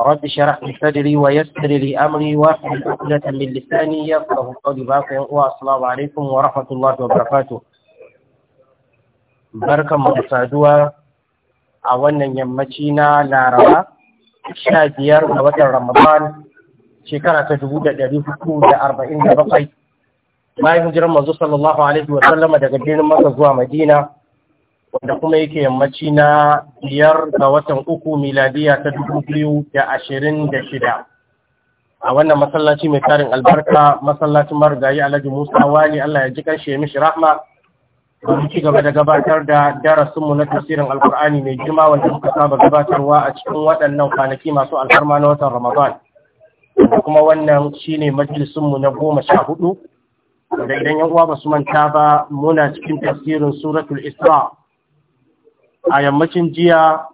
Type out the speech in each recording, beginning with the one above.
رب اشرح لي صدري ويسر لي امري واحلل عقدة من لساني يفقهوا قولي باقي والسلام عليكم ورحمة الله وبركاته barkan mu da a wannan yammaci na laraba sha biyar ga watan ramadan shekara ta dubu da ɗari hudu da arba'in da bakwai bayan alaihi wa sallama daga birnin maka zuwa madina wanda kuma yake yammaci na biyar ga watan uku miladiya ta dubu biyu da ashirin da shida a wannan masallaci mai tarin albarka masallacin marigayi alhaji musa wani allah ya ji kanshi ya mishi rahma domin ci gaba da gabatar da darasinmu na tafsirin alkur'ani mai girma wanda muka saba gabatarwa a cikin waɗannan kwanaki masu alfarma na watan ramadan kuma wannan shine majalisunmu na goma sha hudu da idan yan uwa ba su manta ba muna cikin tafsirin suratul isra a yammacin jiya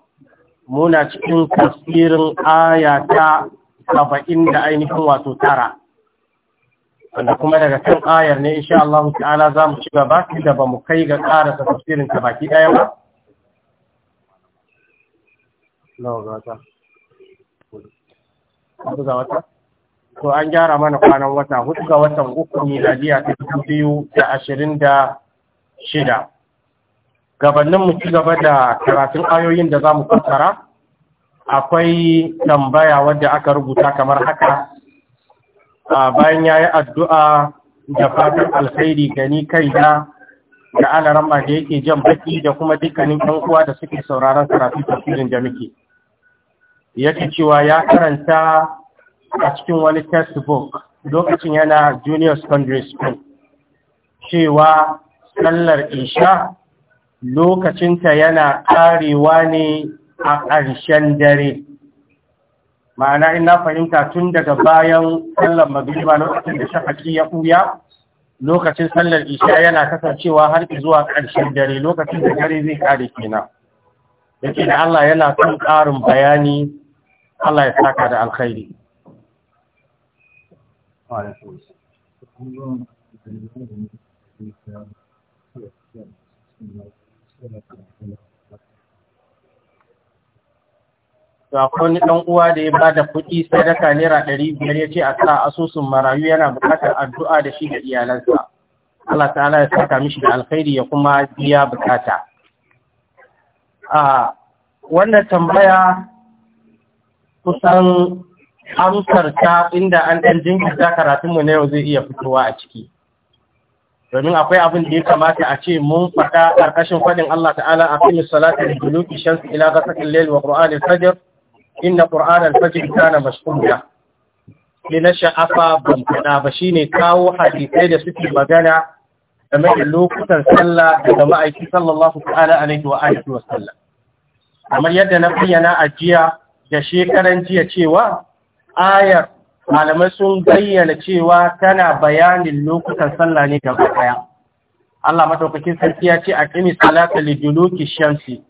muna cikin tasirin aya ta saba'in da ainihin wato tara wanda kuma daga kan ayar ne insha Allah ta'ala za mu ci gaba da ba mu kai ga ƙara ta tasirin ta baki ɗaya ba to an gyara mana kwanan wata hudu ga watan uku miladiya ta biyu da ashirin da shida gabanin mu ci gaba da karatun ayoyin da za mu fassara akwai tambaya wadda aka rubuta kamar haka a bayan ya yi addu'a da fatan alkhairi gani kai da da alaran da yake jan baki da kuma dukkanin ɗan uwa da suke sauraron karatu tafsirin da muke yake cewa ya karanta a cikin wani textbook lokacin yana junior secondary school cewa sallar isha lokacinta yana ƙarewa ne a ƙarshen dare ma'ana ina fahimta tun daga bayan sallar magriba lokacin da shafaki ya ɓuya lokacin sallar isha yana kasancewa har zuwa ƙarshen dare lokacin da dare zai ƙare kenan yake da Allah yana kan ƙarin bayani Allah ya saka da alkhairi Thank you. to akwai wani ɗan uwa da ya ba da kuɗi sadaka naira ɗari biyar ya ce a sa asusun marayu yana buƙatar addu'a da shi da iyalansa Allah ta'ala ya saka mishi da alkhairi ya kuma biya buƙata. a wannan tambaya kusan amsar ta inda an ɗan jinkirta karatunmu na yau zai iya fitowa a ciki domin akwai abin da ya kamata a ce mun faɗa ƙarƙashin faɗin Allah ta'ala a filin salatin da duluki shamsu ila gasakin lail wa inna ƙur'an al-fajr kana ne na sha'afa ban faɗa ba shine kawo hadisai da suke magana game da lokutan sallah daga ma'aiki sallallahu ta'ala alaihi wa alihi wa sallam kamar yadda na bayyana a jiya da shekaran jiya cewa ayar malamai sun bayyana cewa tana bayanin lokutan sallah ne gaba daya Allah madaukakin sarki ya ce a kimi salata liduluki shamsi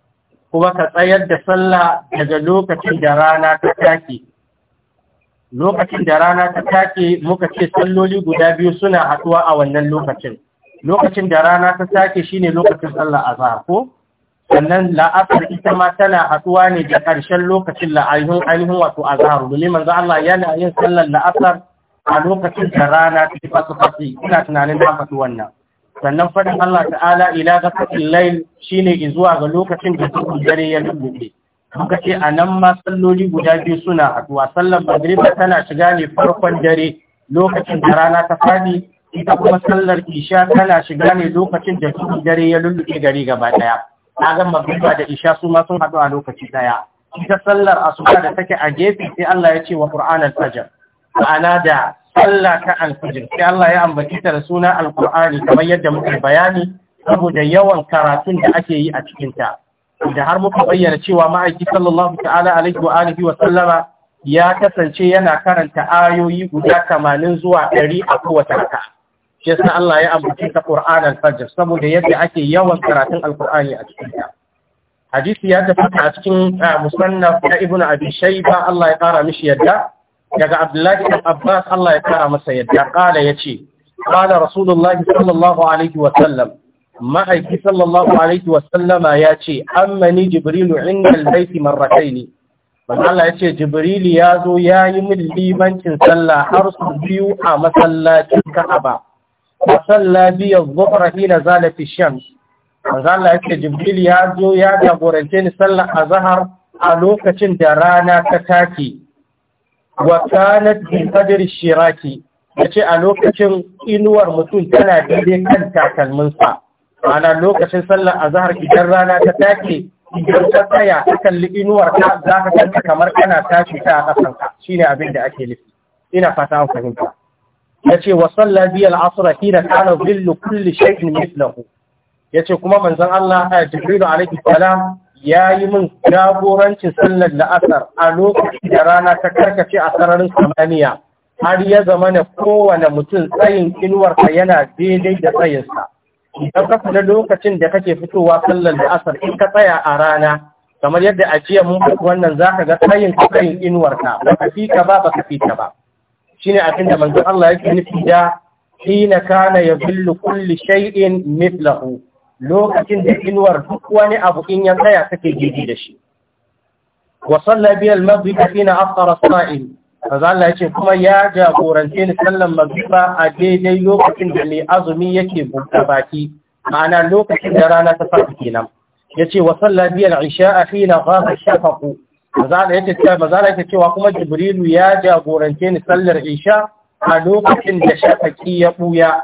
kuma ka tsayar da sallah daga lokacin da rana ta take lokacin da rana ta take muka ce salloli guda biyu suna haɗuwa a wannan lokacin lokacin da rana ta take shine lokacin sallah azhar ko sannan la'asar ita ma tana haɗuwa ne da ƙarshen lokacin la'ayyun ainihin wato a zaharu domin manzo Allah yana yin sallar la'asar a lokacin da rana ta fasu fasu ina tunanin na faɗi wannan sannan faɗin Allah ta'ala ila ga fasin lail ne zuwa ga lokacin da duk dare ya lullube muka ce a nan ma salloli guda biyu suna haɗuwa sallar magriba tana shiga ne farkon dare lokacin da rana ta faɗi ita kuma sallar isha tana shiga ne lokacin da duk dare ya lullube gari gaba ɗaya na ga da isha su ma sun haɗu a lokaci ɗaya ita sallar asuba da take a gefe sai Allah ya ce wa Qur'an al-Fajr ma'ana da sallah ta al-Fajr sai Allah ya ambaci ta da suna al-Qur'ani kamar yadda muke bayani saboda yawan karatun da ake yi a cikin ta da har muka bayyana cewa ma'aiki sallallahu ta'ala alaihi wa alihi wa sallama ya kasance yana karanta ayoyi guda 80 zuwa 100 a kowace raka'a shi yasa Allah ya ambace ta Qur'an al-Fajr saboda yadda ake yawan karatun al-Qur'ani a cikin ta hadisi ya tabbata a cikin musannaf na Ibn Abi Shayba Allah ya kara mishi yadda daga Abdullahi ibn Abbas Allah ya kara masa yadda kala yace qala Rasulullah sallallahu alaihi wa sallam ma'aiki sallallahu alaihi wa sallama ya ce, ammani Jibrilu inda al-baiti marratayn manzo Allah ya ce Jibril ya zo ya yi min limancin sallah har su biyu a masallacin Ka'aba wa Labiyar bi dhuhra hina zalat ash Allah yake Jibril ya zo ya jagorance ni sallar azhar a lokacin da rana ta take wa kanat bi qadri shiraki yace a lokacin inuwar mutum tana daidai kan takalminsa ana lokacin sallar azhar idan rana ta take idan ta tsaya ta kalli inuwar ta za ka kanta kamar kana tashi ta a ƙasanka shine abin da ake nufi ina fata an fahimta yace wa salla hira al-asr hina kana dhillu kulli shay'in Ya yace kuma manzon Allah Jibril alaihi ya yayi min jagorancin sallar la'asar a lokacin da rana ta karkace a sararin samaniya har ya zama na kowane mutum tsayin inuwarsa yana daidai da tsayinsa idan ka kula lokacin da kake fitowa sallar la'asar in ka tsaya a rana kamar yadda ajiya mun wannan zaka ga tsayin tsayin inuwarka ba ka fika ba ba ka fita ba shine abin da manzon Allah yake nufi da hina kana yadhillu kulli shay'in mithlahu lokacin da inuwar duk wani abu in ya tsaya take gidi da shi wa salla bi al-maghrib hina afṭara as-sa'im Allah yace kuma ya jagorance ni sallan maghriba a daidai lokacin da mai azumi yake buɗe baki ma'ana lokacin da rana ta fara kenan yace wa salla bi al-isha'a hina ghaba shafaqu mazala yake cewa cewa kuma jibrilu ya jagorance ni sallar isha a lokacin da shafaki ya buya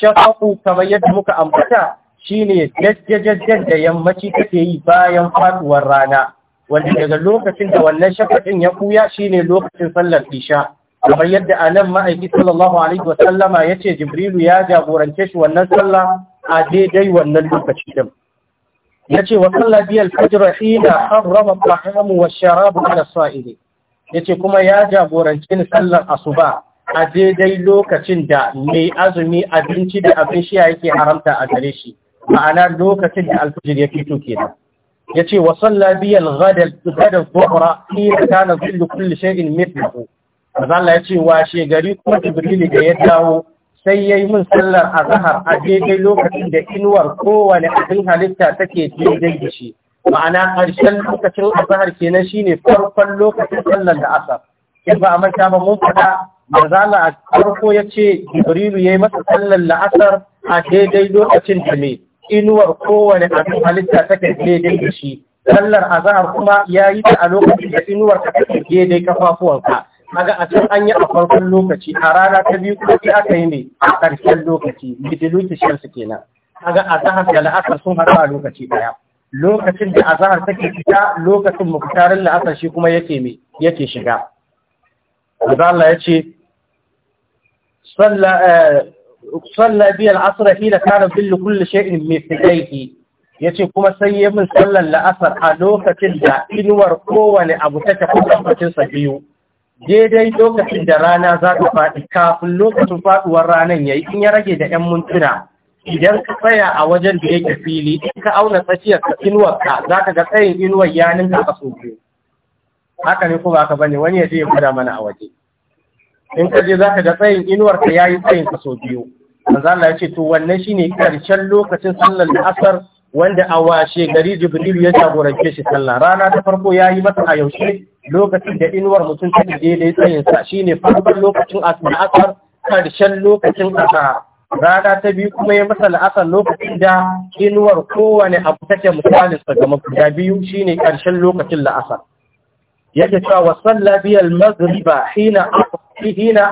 shafaƙu kamar yadda muka ambata shine jajjajajjar da yammaci take yi bayan faɗuwar rana wanda daga lokacin da wannan shafakin ya buya shine lokacin sallar isha kamar yadda anan ma'aiki sallallahu alaihi wa sallama yace jibrilu ya jagorance shi wannan sallah a daidai wannan lokacin. din yace wa salla bi al-fajr hina harrama al-ta'am wa sharabu ala sa'ili yace kuma ya jagoranci ni sallar asuba a daidai lokacin da mai azumi abinci da abin shiya yake haramta a gare shi ma'ana lokacin da alfajir ya fito kenan yace wa salla bi al-ghada ghada dhuhra hina kana dhillu kulli shay'in mithluhu Allah wa shegari kuma Jibril da ya dawo sai ya yi min sallar azahar a daidai lokacin da inuwar kowane abin halitta take daidai da shi ma'ana ƙarshen lokacin azahar kenan shine farkon lokacin sallar da asar in ba a manta ba mun fada, manzala a farko ya ce jibrilu ya yi masa sallar la'asar a daidai lokacin da me inuwar kowane abin halitta take daidai da shi sallar azahar kuma ya yi ta a lokacin da inuwar ka take daidai kafafuwanka kaga a can an yi a farkon lokaci a rana ta biyu kuma sai aka yi ne a ƙarshen lokaci midiluti su kenan kaga zahar da la'asar sun haɗu a lokaci ɗaya lokacin da azahar take fita lokacin muktarin la'asar shi kuma yake me yake shiga Maza Allah ya ce صلى بي العصر حين kulle sha'in mai شيء ya ce kuma sai ya min sallan la'asar a lokacin da inuwar kowane abu ta tafi lokacin sa biyu daidai lokacin da rana za ta faɗi kafin lokacin faɗuwar ranar ya yi in ya rage da 'yan mintuna idan ka tsaya a wajen da yake fili in ka auna tsakiyar ka za ka ga tsayin inuwar ya ninka a ke haka ne kuma ka bane wani ya je ya fada mana a waje in ka je za ka ga tsayin inuwarka ya yi tsayin ka sau biyu manzo Allah ya ce to wannan shine karshen lokacin sallar asar wanda a washe gari Jibril ya jagorance shi sallah rana ta farko ya yi masa a yaushe lokacin da inuwar mutum ta ne daidai sa, shi ne farkon lokacin asar karshen lokacin asar rana ta biyu kuma ya masa la'asar lokacin da inuwar kowane abu take misalin sakamakon da biyu shi ne karshen lokacin la'asar yake cewa wasan labiyar magriba hina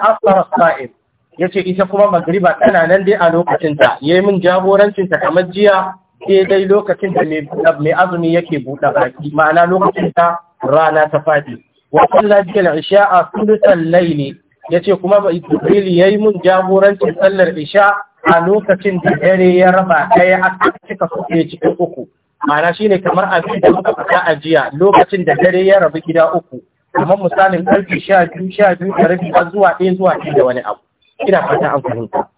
asar sa'in ya ce ita kuma magriba tana nan dai a lokacinta ta. yi min jagorancinta kamar jiya daidai lokacin da mai azumi yake buɗe baki ma'ana lokacin ta rana ta fadi wa isha a isha'a ne. Ya yace kuma Jibril yayi mun jagorancin sallar isha a lokacin da dare ya raba ɗaya a cika kuke cikin uku Mana shine kamar abin da muka fata a jiya lokacin da dare ya rabu gida uku kamar misalin karfe sha biyu sha biyu da rabi zuwa ɗaya zuwa ɗaya da wani abu ina fata an fahimta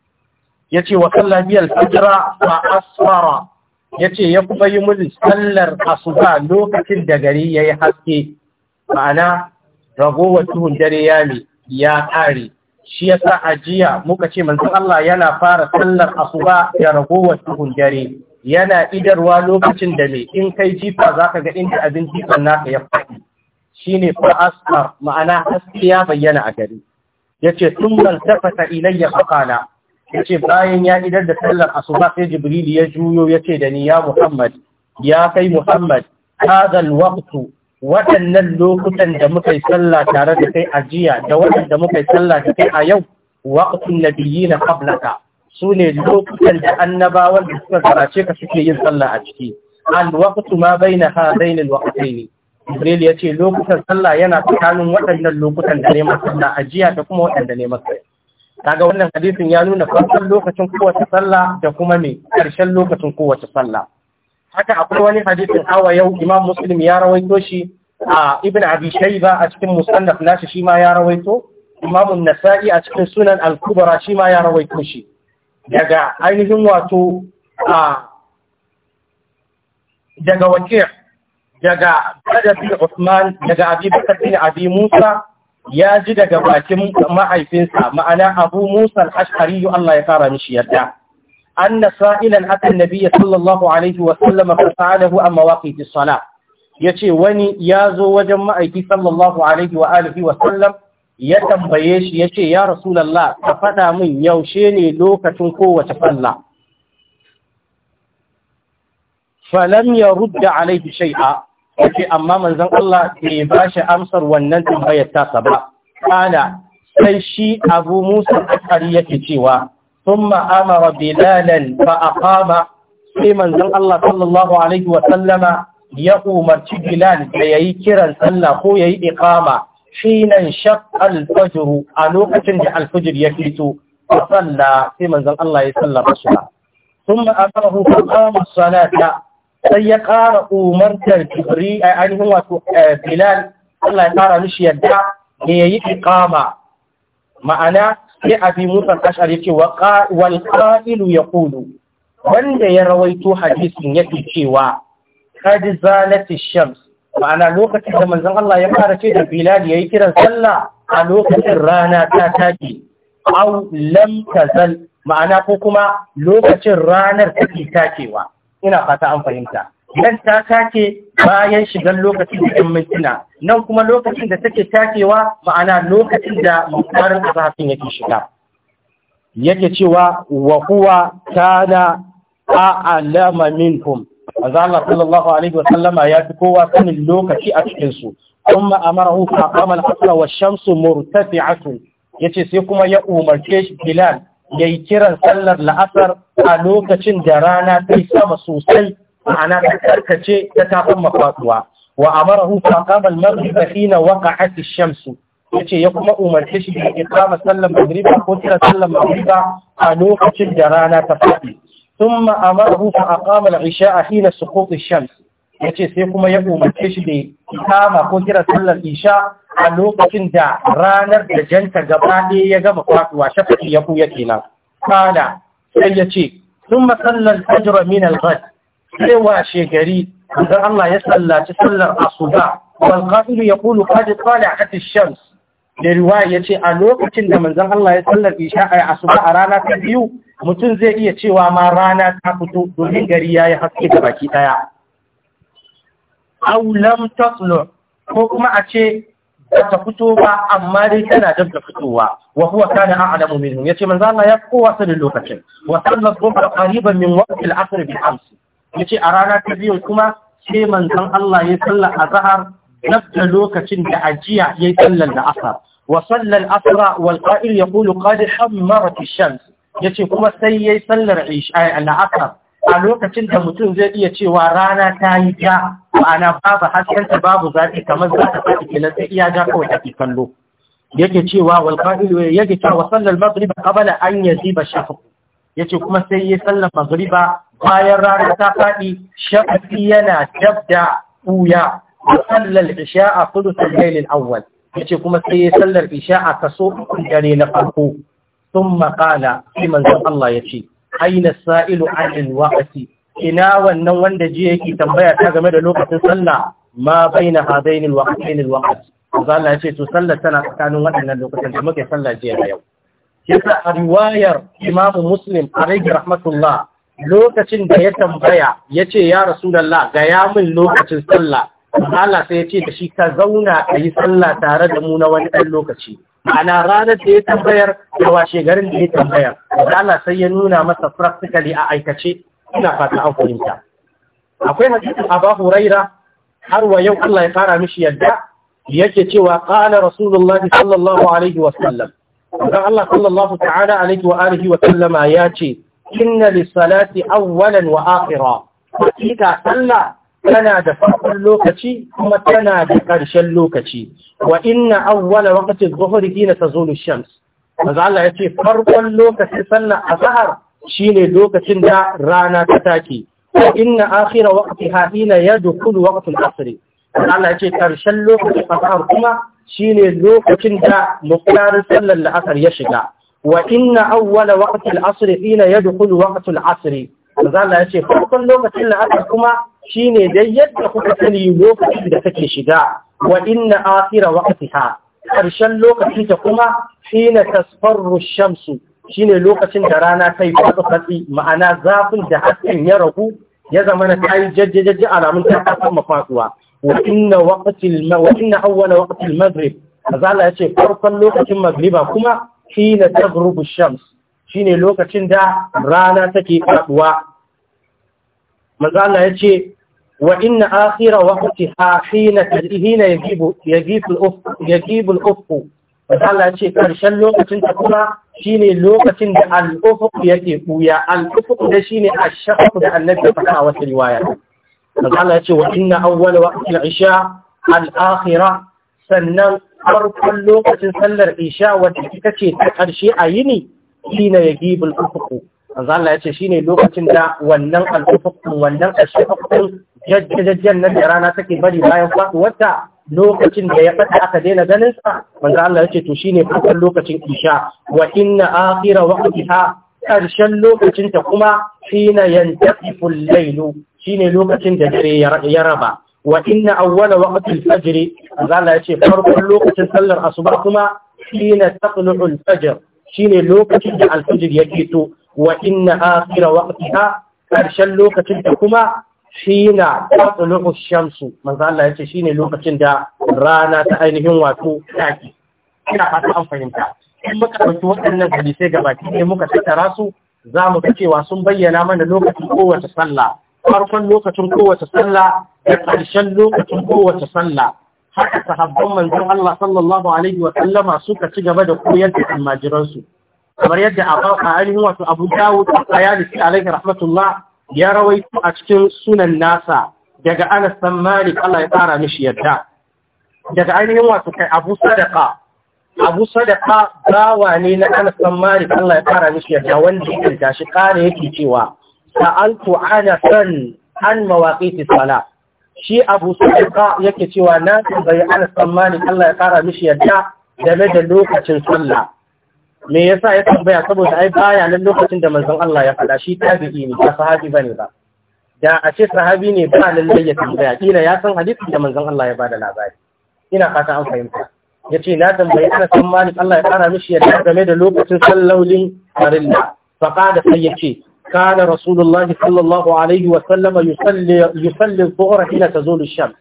ya ce wa biyar fajira asfara ya ce ya kuma yi sallar asuba lokacin da gari ya yi haske ma'ana ragowar tuhun dare ya ne ya ƙare shi ya sa ajiya muka ce manzan Allah yana fara sallar asuba da ragowar tuhun dare yana idarwa lokacin da mai in kai jifa za ka ga inda abin jifan naka ya faɗi shi ne fa'asar ma'ana haske ya bayyana a gari ya ce tun man tafata ilayya faƙala yace bayan ya idar da sallar asuba sai jibril ya juyo yace da ni ya muhammad ya kai muhammad hazal alwaqtu waɗannan lokutan da muka yi sallah tare da kai a jiya da waɗanda muka yi sallah da kai a yau waqtun nabiyina qablaka su ne lokutan da annabawan da suka karace ka suke yin sallah a ciki alwaqtu ma baina hadain alwaqtayn Jibril ya ce lokutan sallah yana tsakanin waɗannan lokutan da ne a jiya da kuma waɗanda ne masallah kaga wannan hadisin ya nuna farkon lokacin kowace sallah da kuma mai ƙarshen lokacin kowace sallah haka akwai wani hadisin hawa yau imam muslim ya rawaito shi a ibn abi shayba a cikin musannaf nashi shi ma ya rawaito imam an-nasa'i a cikin sunan al-kubra shi ma ya rawaito shi daga ainihin wato a daga wakil daga Badr bin Uthman daga Abi Bakr bin Abi Musa ya ji daga bakin mahaifinsa ma'ana abu musa al-ashari Allah ya fara mishi An anna sa'ilan aka Nabiya sallallahu alaihi wa sallam fa sa'alahu amma waqiti Ya ce wani ya zo wajen ma'aiki sallallahu alaihi wa alihi wa sallam ya tambaye shi ya ce ya rasulullah ka faɗa min yaushe ne lokacin kowace sallah falam yarudda alaihi shay'a yace amma manzon Allah bai ba shi amsar wannan tambayar tasa ba kana sai shi Abu Musa Ashari yake cewa thumma amara bilalan fa aqama sai manzon Allah sallallahu alaihi wa sallama ya umarci Bilal da yayi kiran sallah ko yayi iqama shinan shaqqal fajr a lokacin da alfajr ya fito sallah sai manzon Allah ya sallama shi ثم أمره فقام الصلاة sai ya ƙara umartar jibri a eh, ainihin wato eh, bilal Allah ya fara mishi yadda ne ya yi ƙama, ma'ana sai abi musan ashar yake wal ya yaqulu wanda ya rawaito hadisin yake cewa kadi zalati shams ma'ana lokacin da manzon Allah ya fara ce da ya yayi kiran sallah a lokacin rana ta take aw lam tazal ma'ana ko kuma lokacin ranar take takewa ina fata an fahimta nan ta take bayan shigan lokacin da ɗin mintuna nan kuma lokacin da take takewa ma'ana lokacin da mukarin azafin yake shiga yake cewa wa huwa kana a'lama minkum azalla sallallahu alaihi wa sallama ya fi kowa sanin lokaci a cikin su kuma amarahu fa qama al-asla wa shamsu murtafi'atun yace sai kuma ya umarce shi Bilal ya yi kiran sallar la'asar a lokacin da rana ta sama sosai ma'ana ta karkace ta tafin mafaɗuwa wa amara hu faqamal maghrib hina waqa'at ash-shamsu yace ya kuma umarce shi da iqama sallar magriba ko kiran sallar magriba a lokacin da rana ta faɗi ta amarahu fa aqama a ishaa na suqut ash-shams yace sai kuma ya umarce shi da iqama ko kiran sallar isha a lokacin da ranar da janta gaba ɗaya ya gama faɗuwa shafi ya kuya kenan kala sai ya ce sun matsalar ajiyar min alghad sai washe gari da Allah ya sallaci sallar asuba ya kulu yaqulu qad a katin shams da ruwa ya ce, a lokacin da manzan Allah ya sallar isha a asuba a rana ta biyu mutum zai iya cewa ma rana ta fito domin gari ya yi haske da baki ɗaya. Aulam lam ko kuma a ce bata fito ba amma dai tana dab da fitowa wa huwa kana a'lamu minhum yace manzo Allah ya kowa da lokacin wa sallat dhuhra qariban min waqti al-asr bi amsi yace a rana ta biyu kuma sai manzon Allah ya salla azhar dab da lokacin da ajiya yayi sallar da asar wa salla al-asr wal qa'il yaqulu qad hammarat ash-shams yace kuma sai yayi sallar isha al-asr eh, a lokacin da mutum zai iya cewa rana ta yi ja ma'ana babu haskenta babu zafi kamar za ta faɗi kenan sai iya ja kawai take kallo yake cewa wal qa'ilu yake cewa sallal maghrib qabla an yaziba shafaq yace kuma sai yi sallar maghriba bayan rana ta faɗi shafaqi yana dabda uya sallal isha'a thuluthul layl al-awwal yace kuma sai yi sallar isha'a kaso dare na farko Sun qala sai manzon Allah ce. aina sa'ilu anil waqti ina wannan wanda ji yake tambaya ta game da lokacin sallah ma baina hadainil waqtayn al waqt zalla ya ce to sallah tana tsakanin waɗannan lokacin da muke sallah jiya yau kisa a riwayar imamu muslim alaihi rahmatullah lokacin da ya tambaya ya ce ya rasulallah ga ya min lokacin sallah Allah sai ya ce da shi ka zauna ka yi sallah tare da mu na wani ɗan lokaci Ana ranar da ya tambayar da washe garin da ya tambayar da Allah sai ya nuna masa practically a aikace ina fata an fahimta akwai hadisin Abu Huraira har wa yau Allah ya fara mishi yadda yake cewa qala rasulullahi sallallahu alaihi wa sallam dan Allah sallallahu ta'ala alaihi wa alihi wa sallama ya ce inna lis-salati awwalan wa akhira hakika sallah tana da farkon lokaci kuma tana da ƙarshen lokaci wa inna awwala waqti dhuhri hina tazulu shams maza Allah yace farkon lokaci sallar azhar shine lokacin da rana ta take wa inna akhira waqtiha hina yadkhulu waqt al-asr Allah yace ƙarshen lokacin azhar kuma shine lokacin da muqtarin sallar al-asr ya shiga wa inna awwala waqti al-asr hina yadkhulu waqt al-asr maza Allah yace farkon lokacin al-asr kuma shine dai yadda kuka sani lokacin da take shiga wa inna akhira waqtiha karshen lokacin ta kuma hina tasfarru shamsu shine lokacin da rana ta yi fatsi ma'ana zafin da hasken ya ragu ya zama na tayi jajjajajji alamun ta kasan mafasuwa wa inna waqtil ma wa inna awwala waqtil maghrib azala yace farkon lokacin maghriba kuma hina tagrubu shams shine lokacin da rana take faduwa manzo Allah ya ce wa inna akhira waqtiha hina hina yajibu yajibu al-ufq yajibu al-ufq manzo Allah ya ce karshen lokacin ta kuma shine lokacin da al-ufq yake buya al-ufq da shine ash-shaqq da annabi faɗa a wata riwaya manzo Allah ya ce wa inna awwala waqti al-isha al-akhira sannan farkon lokacin sallar isha wadda ita ce ta ƙarshe a yini shine yajibul ufq Allah ya ce shine lokacin da wannan alfafakun wannan ashfaqun jajjajjan nan da rana take bari bayan wata lokacin da ya fada aka daina ganin sa manzo Allah ya ce to shine farkon lokacin isha wa inna akhira waqtiha karshen lokacin ta kuma shine yantaqifu al-layl shine lokacin da dare ya raba wa inna awwala waqtil fajr manzo Allah ya ce farkon lokacin sallar asuba kuma shine taqlu'u al-fajr shine lokacin da al-fajr yake to wa inna akhira waqtiha karshen lokacin da kuma shine na ash-shamsu manzo Allah yace shine lokacin da rana ta ainihin wato taki ina fata an fahimta in muka dauki waɗannan hadisai baki ɗaya muka tattara su za mu cewa sun bayyana mana lokacin kowace sallah farkon lokacin kowace sallah da ƙarshen lokacin kowace sallah haka sahabban manzon Allah sallallahu alaihi wa sallama suka ci gaba da koyar da almajiransu kamar yadda a ainihin wato abu dawo a yadda shi alaihi rahmatullah ya rawaito a cikin sunan nasa daga anas san malik Allah ya tsara mishi yadda daga ainihin wato kai abu sadaka abu sadaka bawa ne na anas san malik Allah ya tsara mishi yadda wanda ya kirga shi kare yake cewa sa'altu anasan an mawaqiti salat shi abu sadaka yake cewa na san bai anas san malik Allah ya tsara mishi yadda game da lokacin sallah me yasa ya tambaya saboda ai baya nan lokacin da manzon Allah ya faɗa shi tabi'i ne ba sahabi bane ba da a ce sahabi ne ba lalle ya tambaya kila ya san hadisin da manzon Allah ya bada labari ina fata an fahimta yace na tambayi ana san Malik Allah ya fara mishi ya game da lokacin sallolin farilla fa qala sai yace kana rasulullah sallallahu alaihi wa sallama yusalli yusalli dhuhra ila tazul ash-shams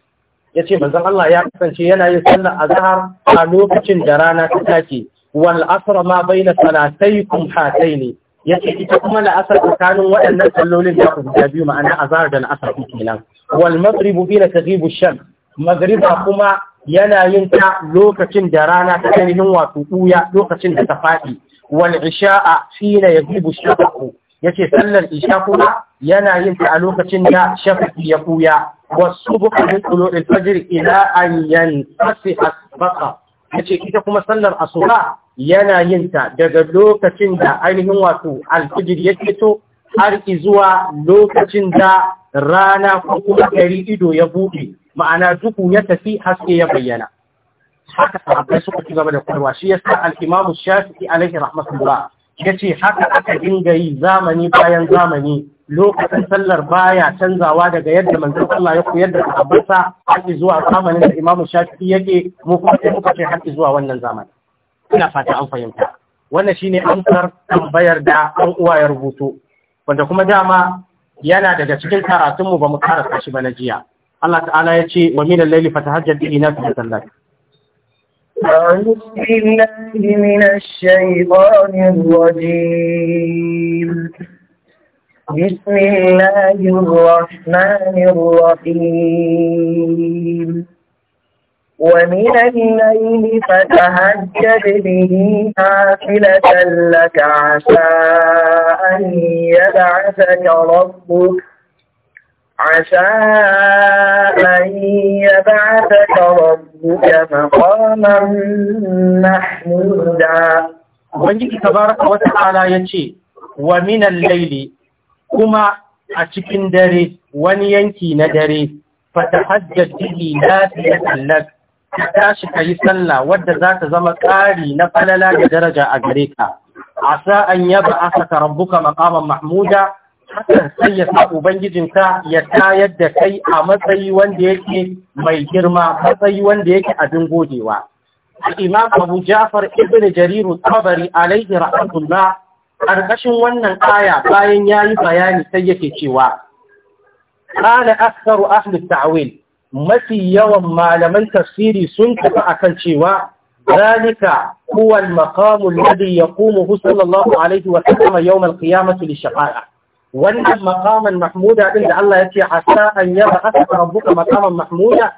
yace manzon Allah ya kasance yana yin sallar azhar a lokacin da rana ta take wal asr ma baina salataykum hataini yace ita kuma la'asar tsakanin waɗannan sallolin da da biyu ma'ana azhar da al'asr kenan wal maghrib hina taghibu ash-shams maghriba kuma yana yin ta lokacin da rana ta ainihin wato ɓuya lokacin da ta faɗi wal isha'a hina yajibu ash-shafaq yace sallar isha kuma yana yin ta a lokacin da shafaqi ya ɓuya والصبح من طلوع الفجر إلى أن ينفسح البقر yace ita kuma sallar asuba yana yin ta daga lokacin da ainihin wato alfijir ya fito har zuwa lokacin da rana ko kuma gari ido ya buɗe ma'ana duku ya tafi haske ya bayyana haka sahabbai suka ci gaba da kwarwa shi yasa al-Imam Shafi'i alaihi rahmatullah yace haka aka dinga yi zamani bayan zamani lokacin sallar baya canzawa daga yadda manzon Allah ya koyar da sahabbansa har zuwa zamanin da Imam Shafi'i yake mu kuma sai muka ce har zuwa wannan zamani ina fata an fahimta wannan shine amsar tambayar da an uwa ya rubuto wanda kuma dama yana daga cikin karatun mu bamu karasa shi ba na jiya Allah ta'ala ya ce wa min al-layli fatahajjad bihi nafsi lak أعوذ بالله بسم الله الرحمن الرحيم ومن الليل فتهجد به نافلة لك عسى أن يبعثك ربك عسى أن يبعثك ربك مقاما محمودا Ubangiji tabaraka wa ta'ala yace wa min al-layli kuma a cikin dare wani yanki na dare fatahajjat na nafilatan lak ka tashi ka yi sallah wadda za ta zama ƙari na falala da daraja a gare ka A sa'an yaba aka ka rambuka maqaman mahmuda hakan sai ya sa ubangijinka ya tayar da kai a matsayi wanda yake mai girma matsayi wanda yake abin godewa imam abu jafar ibn jariru tabari alaihi rahmatullah ƙarƙashin wannan aya bayan yayi bayani sai yake cewa qala aktharu ahli ta'wil mafi yawan malaman tafsiri sun tafi akan cewa zalika huwa al-maqamul ladhi yaqumu hu sallallahu alayhi wa sallam yawm al-qiyamati li wannan maqaman mahmuda din da Allah yace hasa an yaba asra rabbuka maqaman mahmuda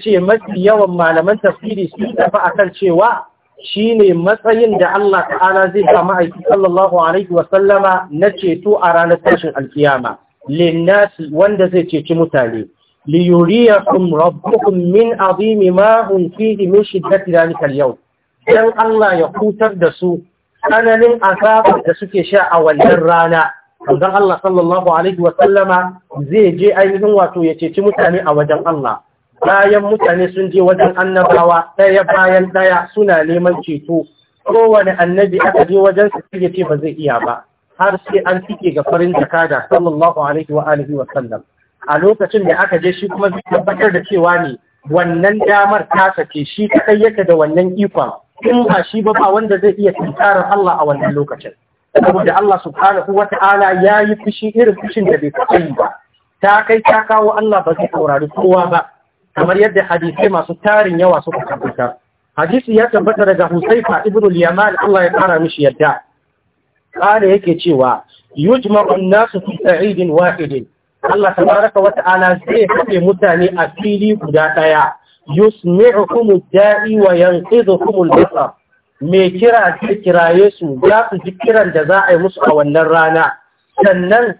ce mafi yawan malaman tafsiri sun tafi akan cewa shine matsayin da Allah ta'ala zai sa ma'aiki sallallahu alayhi wa sallama na ceto a ranar tashin al-qiyama lin wanda zai ceci mutane liyuriyakum rabbukum min azimi ma hum fihi min shiddati dhalika al-yawm dan Allah ya kutar da su tsananin azabar da suke sha a wannan rana dan Allah sallallahu alaihi wa sallama zai je ainihin wato ya ceci mutane a wajen Allah bayan mutane sun je wajen annabawa ɗaya bayan ɗaya suna neman ceto kowane annabi aka je wajen su ce ba zai iya ba har sai an cike ga farin jakada sallallahu alaihi wa alihi wa sallam a lokacin da aka je shi kuma zai tabbatar da cewa ne wannan damar ta sake shi kadai yake da wannan ikon in ba shi ba ba wanda zai iya tuntarar Allah a wannan lokacin saboda Allah subhanahu wata'ala ya yi fushi irin fushin da bai taɓa yi ba ta kai ta kawo Allah ba zai saurari kowa ba kamar yadda hadisai masu tarin yawa suka tabbata hadisi ya tabbata daga Husayfa ibn al-Yaman Allah ya fara mishi yadda kare yake cewa yujma'u an-nasu fi sa'idin wahidin Allah tabaraka wata ta'ala zai kafe mutane a fili guda daya yusmi'ukum ad-da'i wa yanqidhukum al-basar me kira da kira su ya su ji kiran da za a yi musu a wannan rana sannan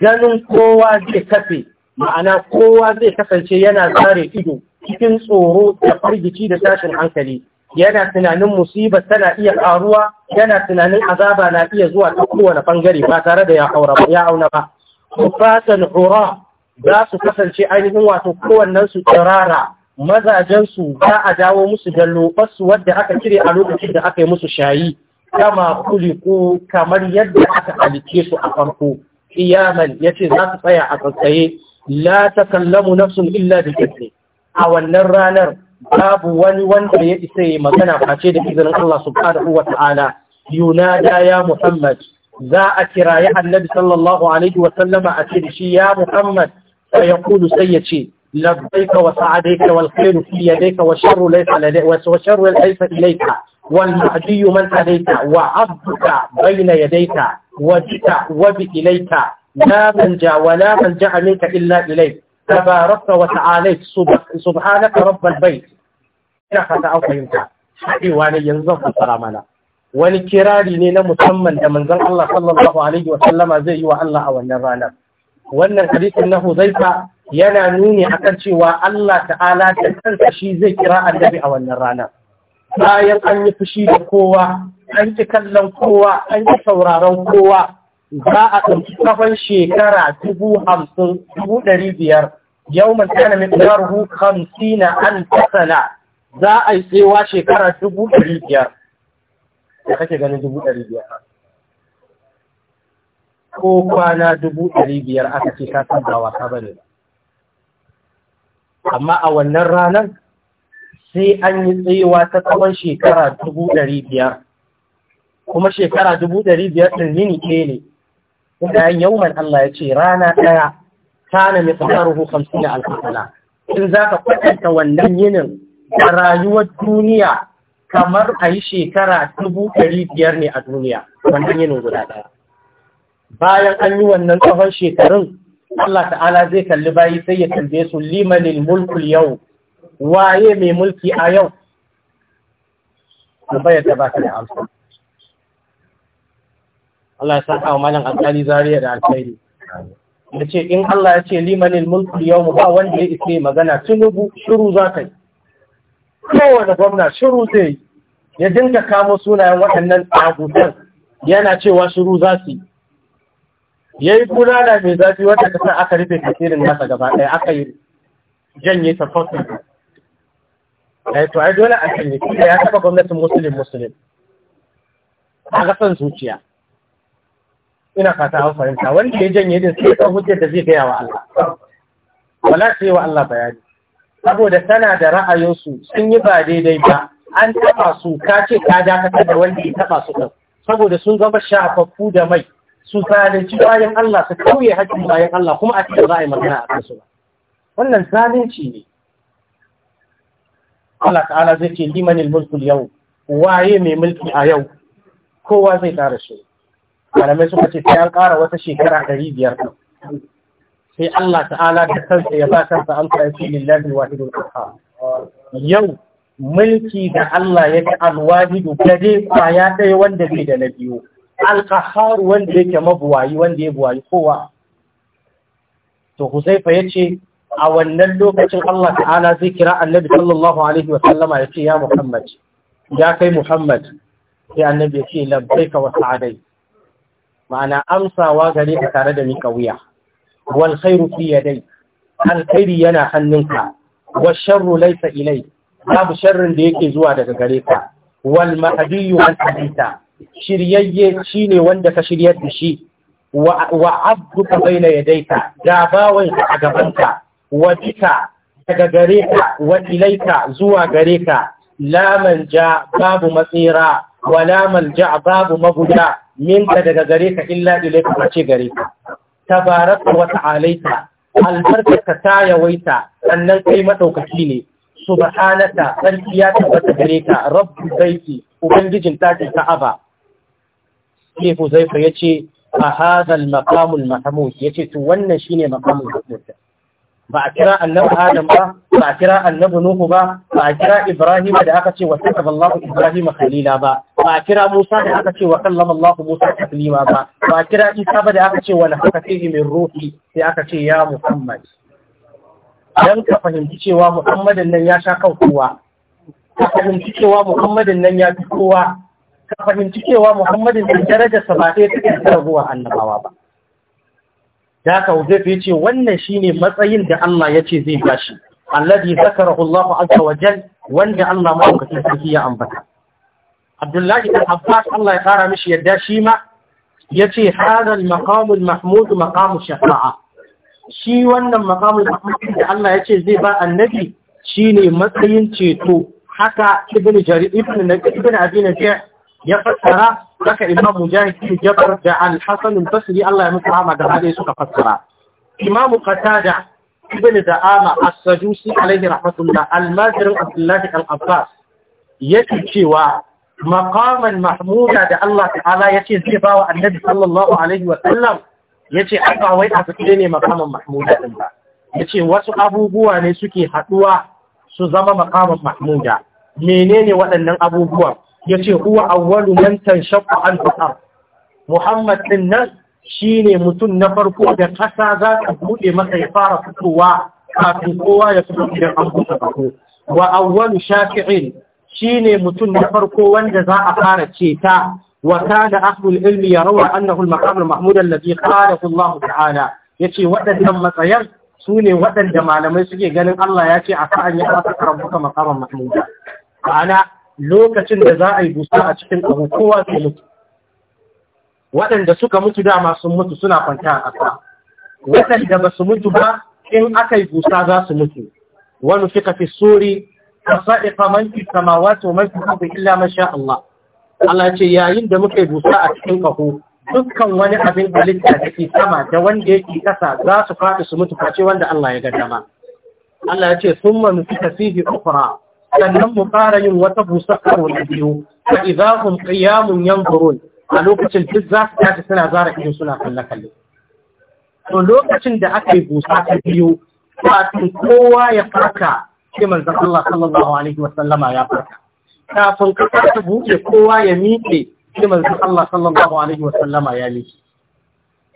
ganin kowa zai kafe ma'ana kowa zai kasance yana tsare ido cikin tsoro da firgici da tashin hankali yana tunanin musiba tana iya karuwa yana tunanin azaba na iya zuwa ta kowane ɓangare, ba tare da ya auna ba kufatan hura za su kasance ainihin wato kowannensu tsirara Mazajensu za a dawo musu da su wadda aka cire a lokacin da aka yi musu shayi kama kuliku kamar yadda aka halice su a farko ya yace za su tsaya a tsatsaye la takallamu nafsun illa da idni a wannan ranar babu wani wanda ya isa yi magana face da izinin Allah subhanahu wa ta'ala yunada ya Muhammad za a kiraye annabi sallallahu alaihi Sallama a ce shi ya muhammad sai sai ya ce labbaika wa sa'adaika wal khairu fi yadayka wa sharru laysa ladayka wa sharru laysa ilayka wal man wa abduka bayna wa jita wa bi ilayka la wa la minka illa ilayk tabarakta wa subhanaka rabbal bayt ina fata an fahimta haɗewa ne yanzu zan fasara mana wani kirari ne na musamman da manzon Allah sallallahu alaihi wa sallama zai yi wa Allah a wannan ranar wannan hadisin na Huzaifa yana nuni akan cewa Allah ta'ala da kansa shi zai kira annabi a wannan ranar bayan an yi fushi da kowa an ki kallon kowa an ki sauraron kowa za a ɗauki tsawon shekara dubu hamsin dubu ɗari biyar yau man kana min ɗarhu hamsina an tasana za a yi tsewa shekara dubu ɗari biyar da kake ganin dubu ɗari biyar ko kwana dubu ɗari biyar aka ce ka san ba wasa ba ne amma a wannan ranar sai an yi tsayewa ta tsawon shekara dubu ɗari biyar kuma shekara dubu ɗari biyar ɗin yini ɗaya ne bayan yawman Allah ya ce rana ɗaya kana mai tsakaruhu hamsin suna alfasala in za ka kwatanta wannan yinin da rayuwar duniya kamar a yi shekara dubu ɗari biyar ne a duniya wannan yinin guda ɗaya bayan an yi wannan tsawon shekarun Allah ta'ala zai kalli bayi sai ya tambaye su limanin mulkul yau waye mai mulki a yau tambayar da ba ta da amsa Allah ya saka wa malam alƙali zariya da alƙairi da ce in Allah ya ce limanin mulkul yau mu ba wanda ya isa magana tunubu shiru za ka yi kowane gwamna shiru zai yi ya dinka kamo sunayen waɗannan tsagutan yana cewa shiru za su ya yi da mai zafi wata kasa aka rufe tasirin nasa gaba ɗaya aka yi janye ta fosil eh, to tuwa dole a kan yake ya taɓa gwamnatin musulun musulun a kasan zuciya ina fata an farinta wanda ya janye din sai kan hujjar da zai gaya wa Allah wala sai wa Allah bayani saboda tana da ra'ayinsu sun yi ba daidai ba an taba su ka ce ka dakatar da wanda ya taba su ɗan. saboda sun gaba shafaffu da mai su zalunci bayan Allah su kauye haƙƙin bayan Allah kuma a cikin za a yi magana a kansu ba wannan zalunci ne Allah ta'ala zai ce limanil mulkul yau waye mai mulki a yau kowa zai ƙara shi malamai suka ce sai an ƙara wata shekara ɗari biyar sai Allah ta'ala da kansa ya ba kansa an kai fi lillahi wahidul qahhar yau mulki da Allah ya ta da kaje kwaya ɗaya wanda bai da na biyu wanda yake mabuwayi wanda ya buwayi kowa to Huzaifa ya ce a wannan lokacin Allah ta'ala zai kira annabi sallallahu alaihi wa sallama ya ce ya Muhammad ya kai Muhammad sai annabi ya ce labbaika wa sa'adai ma'ana amsawa gare ka tare da ni kauya. wal khairu fi yadai alkhairi yana hannunka wa sharru laysa ilayka babu sharrin da yake zuwa daga gare ka wal mahdiyyu man hadita shiryayye shine wanda ka shiryar da shi wa abduka baina yadayka da bawai a gabanka wa bika daga gare ka wa ilaika zuwa gare ka la manja babu matsira wa la ja babu mabuda minta daga gare ka illa ilaika mace gare ka tabaraka wa ta'alaita albarka ta yawaita sannan kai madaukaki ne subhanaka sarki ya tabbata gare ka rabbul baiti ubangijin takin ka'aba sai Huzaifa yace a hadal maqamul Ya ce to wannan shi shine maqamul mahmud ba a kira annabi Adam ba ba a kira annabi Nuhu ba ba a kira Ibrahim da aka ce wa Allah Ibrahim khalila ba ba a kira Musa da aka ce wa sallama Allah Musa taklima ba ba a kira Isa ba da aka ce wa laqad min ruhi sai aka ce ya Muhammad don ka fahimci cewa muhammadin nan ya sha kan kowa ka fahimci cewa muhammadin nan ya fi kowa ka fahimci cewa muhammadin nan darajarsa ba ɗaya take da raguwa annabawa ba da ka hujjata ya ce wannan shine matsayin da Allah ya ce zai bashi alladhi zakarahu Allah azza wa jal wanda Allah madaukakin sarki ya ambata Abdullahi ibn Abbas Allah ya kara mishi yadda shi ma yace hadha al-maqam al-mahmud maqam shafa'a shi wannan makamul mahmud da Allah ya ce zai ba annabi shine matsayin ceto haka ibn jarir ibn ya fassara haka imam mujahid ibn da al-hasan al Allah ya mutu rahama da hade suka fassara imam da ibn da'ama as-sajusi alaihi rahmatullah al-madr abdullah al-abbas yake cewa maqaman mahmuda da Allah ta'ala ce zai ba wa annabi sallallahu alaihi wa sallam yace an ba wai a fice ne makamin mahmuda ɗin ba yace wasu abubuwa ne suke haɗuwa su zama makamin mahmuda menene waɗannan abubuwa yace huwa awwalu man tanshaqqa an al Muhammad ɗin nan shine mutum na farko da ƙasa za ta buɗe masa ya fara fitowa kafin kowa ya fito idan an buɗe bako wa awwalu shafi'in shine mutum na farko wanda za a fara ceta وكان أهل العلم يرون أنه المقام المحمود الذي قاله الله تعالى يتي ودن لما سير سوني ودن جمال ما يسجي قال الله يتي عسى أن يأتك ربك مقاما محمودا أنا lokacin da za a yi busa a cikin abu kowa su mutu waɗanda suka mutu dama sun mutu suna kwanta a ƙasa waɗanda ba mutu ba in aka yi busa za su mutu wani fika fi suri a sa'ifa manki samawa illa masha Allah Allah ce yayin da muka busa a cikin ƙaho dukkan wani abin halitta da ke sama da wanda yake kasa za su faɗi su mutu face wanda Allah ya ga dama. Allah ya ce sun manu suka fihi sannan mu fara yin wata busa karo na biyu fa idza hum qiyamun yanzurun a lokacin duk za su tashi suna zara ido suna kalle kalle. To lokacin da aka yi busa ta biyu wato kowa ya farka sai manzon Allah sallallahu alaihi wasallama ya farka. kafin kasa ta buɗe kowa ya miƙe sai manzon Allah sallallahu alaihi wasallama ya miƙe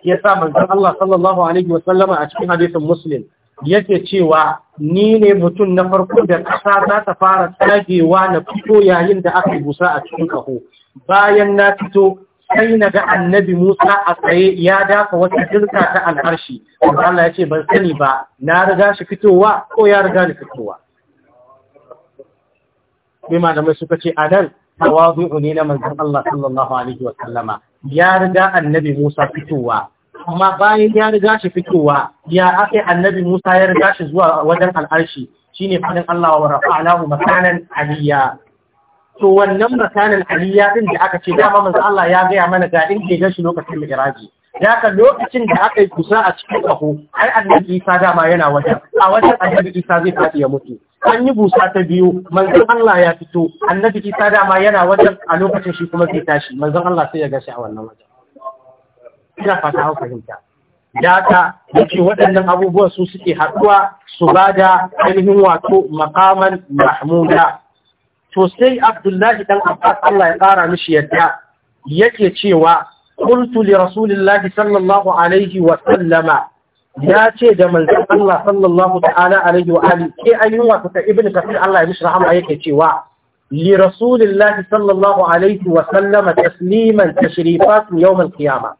ya sa manzon Allah sallallahu alaihi wasallama a cikin hadisin muslim yake cewa ni ne mutum na farko da kasa za ta fara tsagewa na fito yayin da aka busa a cikin kaho bayan na fito sai na ga annabi Musa a tsaye ya dafa wata jirka ta alharshi Allah ya ce ban sani ba na riga shi fitowa ko ya riga ni fitowa sai malamai suka ce a nan tawazu'u ne na manzon Allah sallallahu alaihi wa sallama ya riga annabi Musa fitowa amma bayan ya riga shi fitowa ya akai annabi Musa ya riga shi zuwa wajen al'arshi shine fadin Allah wa rafa'nahu makanan aliyya to wannan makanan aliyya din da aka ce dama manzon Allah ya gaya mana ga in ke gashi lokacin mi'raji da ka lokacin da aka yi kusa a cikin ƙaho har annabi Isa dama yana wajen a wajen annabi Isa zai fadi ya mutu an yi busa ta biyu manzon Allah ya fito annabi Isa dama yana wajen a lokacin shi kuma zai tashi manzon Allah sai ya gashi a wannan wajen ina fata hau fahimta data yake waɗannan abubuwan su suke haɗuwa su ba da ainihin wato makaman mahmuda to sai Abdullahi dan Abbas Allah ya ƙara mishi yadda yake cewa qultu li rasulillahi sallallahu alaihi wa sallama ya ce da Manzan Allah sallallahu ta'ala alaihi wa alihi ke ayyuwa ta ibnu kafir Allah ya mishi rahama yake cewa li rasulillahi sallallahu alaihi wa sallama tasliman tashrifat kiyama iji qiyamah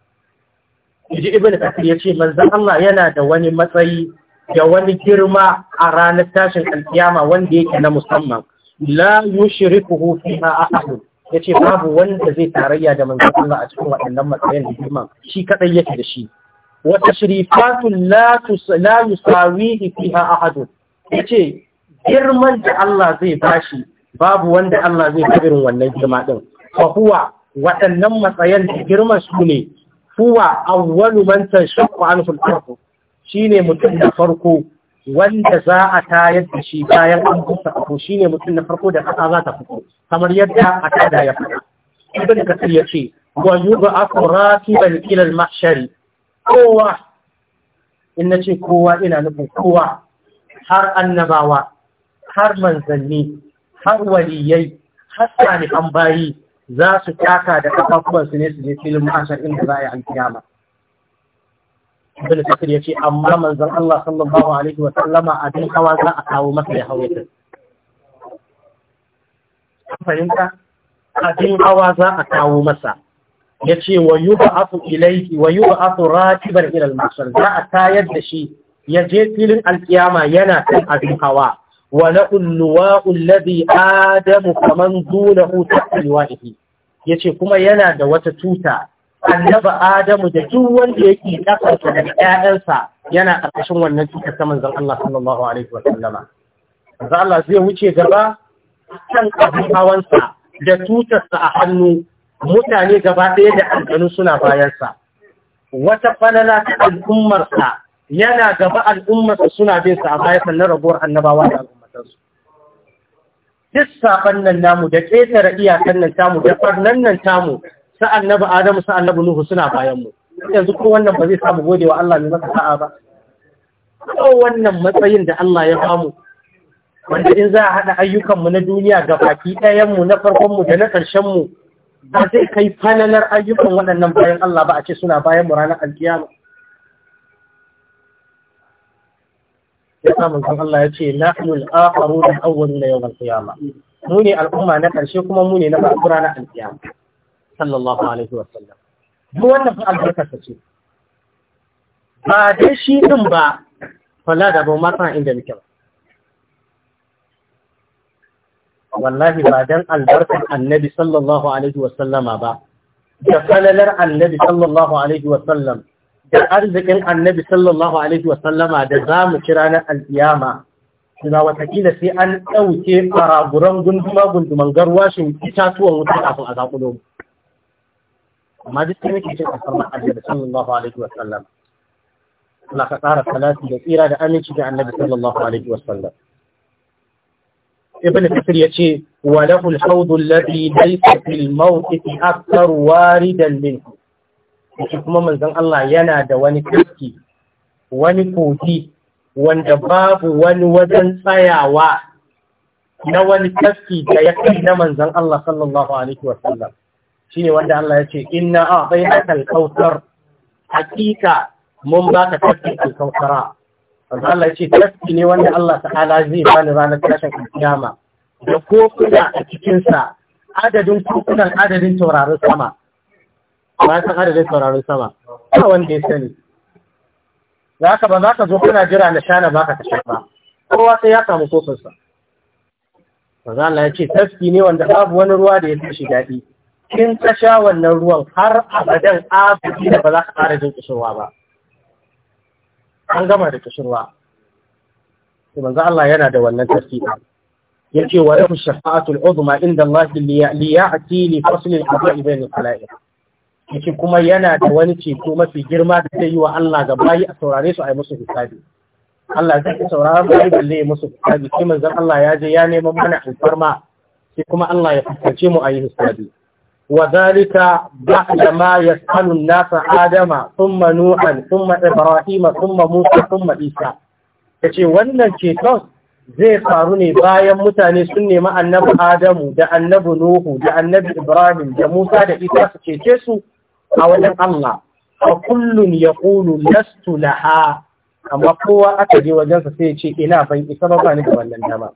yaji ibnu ya yace "Manzan Allah yana da wani matsayi da wani girma a ranar tashin alkiyama wanda yake na musamman la a fiha Ya yace babu wanda zai tarayya da manzon Allah a cikin waɗannan matsayin da girman shi kaɗai yake da shi وتشريفات لا لا يساويه فيها yace girman da Allah zai bashi babu wanda Allah zai fi irin wannan girma din fa huwa waɗannan matsayan da girman su ne huwa awwalu man tashaqqa anhu al-ardh shine mutum na farko wanda za a tayar da shi bayan an busa shine mutum na farko da kasa za ta fito kamar yadda a tada ya fada ibn kasir yace wa yub'athu rakiban ila al-mahshari kowa in na ce kowa ina nufin kowa har annabawa har manzanni har waliyai har an bayi za su taka da su ne su je filin ma'ashar inda za a yi alkiyama ibn kasir ya ce amma manzan Allah sallallahu alaihi wa sallama abin hawa za a kawo masa ya hawo ta fahimta abin hawa za a kawo masa ya ce wa yi ba'afu ilaiki wa yi ilal masar, za a tayar da shi ya je filin alkiyama yana kan abin hawa wa na ulluwa ulladi adamu kaman duna hutar alwa ihi ya ce kuma yana da wata tuta annaba adamu da duk wanda ke kasarsa daga ƴaƴansa yana ƙarƙashin wannan tuta ta manzon Allah sallallahu alaihi wa sallama Allah zai wuce gaba kan abin hawansa da tutarsa a hannu mutane gaba ɗaya da aljanu suna bayansa wata falala ta al'ummarsa yana gaba al'ummarsa suna bin sa a bayan sannan rabuwar annabawa da al'ummatarsu duk saban nan namu da ƙetare iyakar nan tamu da farnan nan tamu sa annabi adamu sa annabi nuhu suna bayan mu yanzu ko wannan ba zai samu gode wa Allah ne masa sa'a ba ko wannan matsayin da Allah ya bamu wanda in za a haɗa ayyukanmu na duniya ga baki ɗayanmu na farkonmu da na ƙarshenmu ba zai kai falalar ayyukan waɗannan bayan Allah ba a ce suna bayan mu ranar alkiyama ya samun kan Allah ya ce nahnu al-akharu da awon na yawmal qiyama mu ne al'umma na ƙarshe kuma mu ne na farko ranar alkiyama sallallahu alaihi wa sallam wannan fa albarkarsa ce ba dai shi ɗin ba falla da ba ma san inda muke ba wallahi ba dan albarkar annabi sallallahu alaihi wasallama ba da falalar annabi sallallahu alaihi wasallam da arzikin annabi sallallahu alaihi wasallama da za mu ci ranar alkiyama suna watakila sai an ɗauke faraguran gunduma gunduman garwashin itatuwan wuta kafin a zaƙulo amma duk sai nake cin asar annabi sallallahu alaihi wasallam Allah ka tsara salati da tsira da aminci da annabi sallallahu alaihi wasallam ibn kasir yace wa lahu al-hawd alladhi laysa fil mawqif akthar waridan min kuma manzon Allah yana da wani kaski wani kogi wanda babu wani wajen tsayawa na wani taski da ya kai na manzan Allah sallallahu Alaihi wasallam shi wanda Allah ya ce ina a bai aka alkautar hakika mun baka ka taski alkautara Allah ce taski ne wanda Allah ta'ala zai bani ranar tashin kiyama da kofuna a cikinsa adadin kofunan adadin taurarin sama ba san adadin taurarin sama ba wanda ya sani za ka ba za ka zo kuna jira na shana ba ka sha ba kowa sai ya samu kofinsa Maza Allah ya ce taski ne wanda babu wani ruwa da ya fi shi daɗi kin ka wannan ruwan har abadan abu da ba za ka ƙara jin ƙishirwa ba an gama da kishirwa to manzo Allah yana da wannan tasiri yace wa lahu shafa'atul uzma inda Allah li ya'ti li fasl al-qada'i bayn al-khalaiq yace kuma yana da wani ceto mafi girma da zai yi wa Allah ga bayi a saurare su a yi musu hisabi Allah zai saurara bayi balle ya musu hisabi sai Allah ya je ya neman mana alfarma sai kuma Allah ya fuskace mu a yi hisabi وذلك بعد ما يسأل الناس آدم ثم نوحا ثم إبراهيم ثم موسى ثم إيسى yace wannan ceton zai faru ne bayan mutane sun nemi annabi Adamu da annabi Nuhu da annabi Ibrahim da Musa da Isa su su a wajen Allah fa kullun yaqulu nastula'a. laha amma kowa aka je wajensa sai ya ce ina ban isa ba ni da wannan dama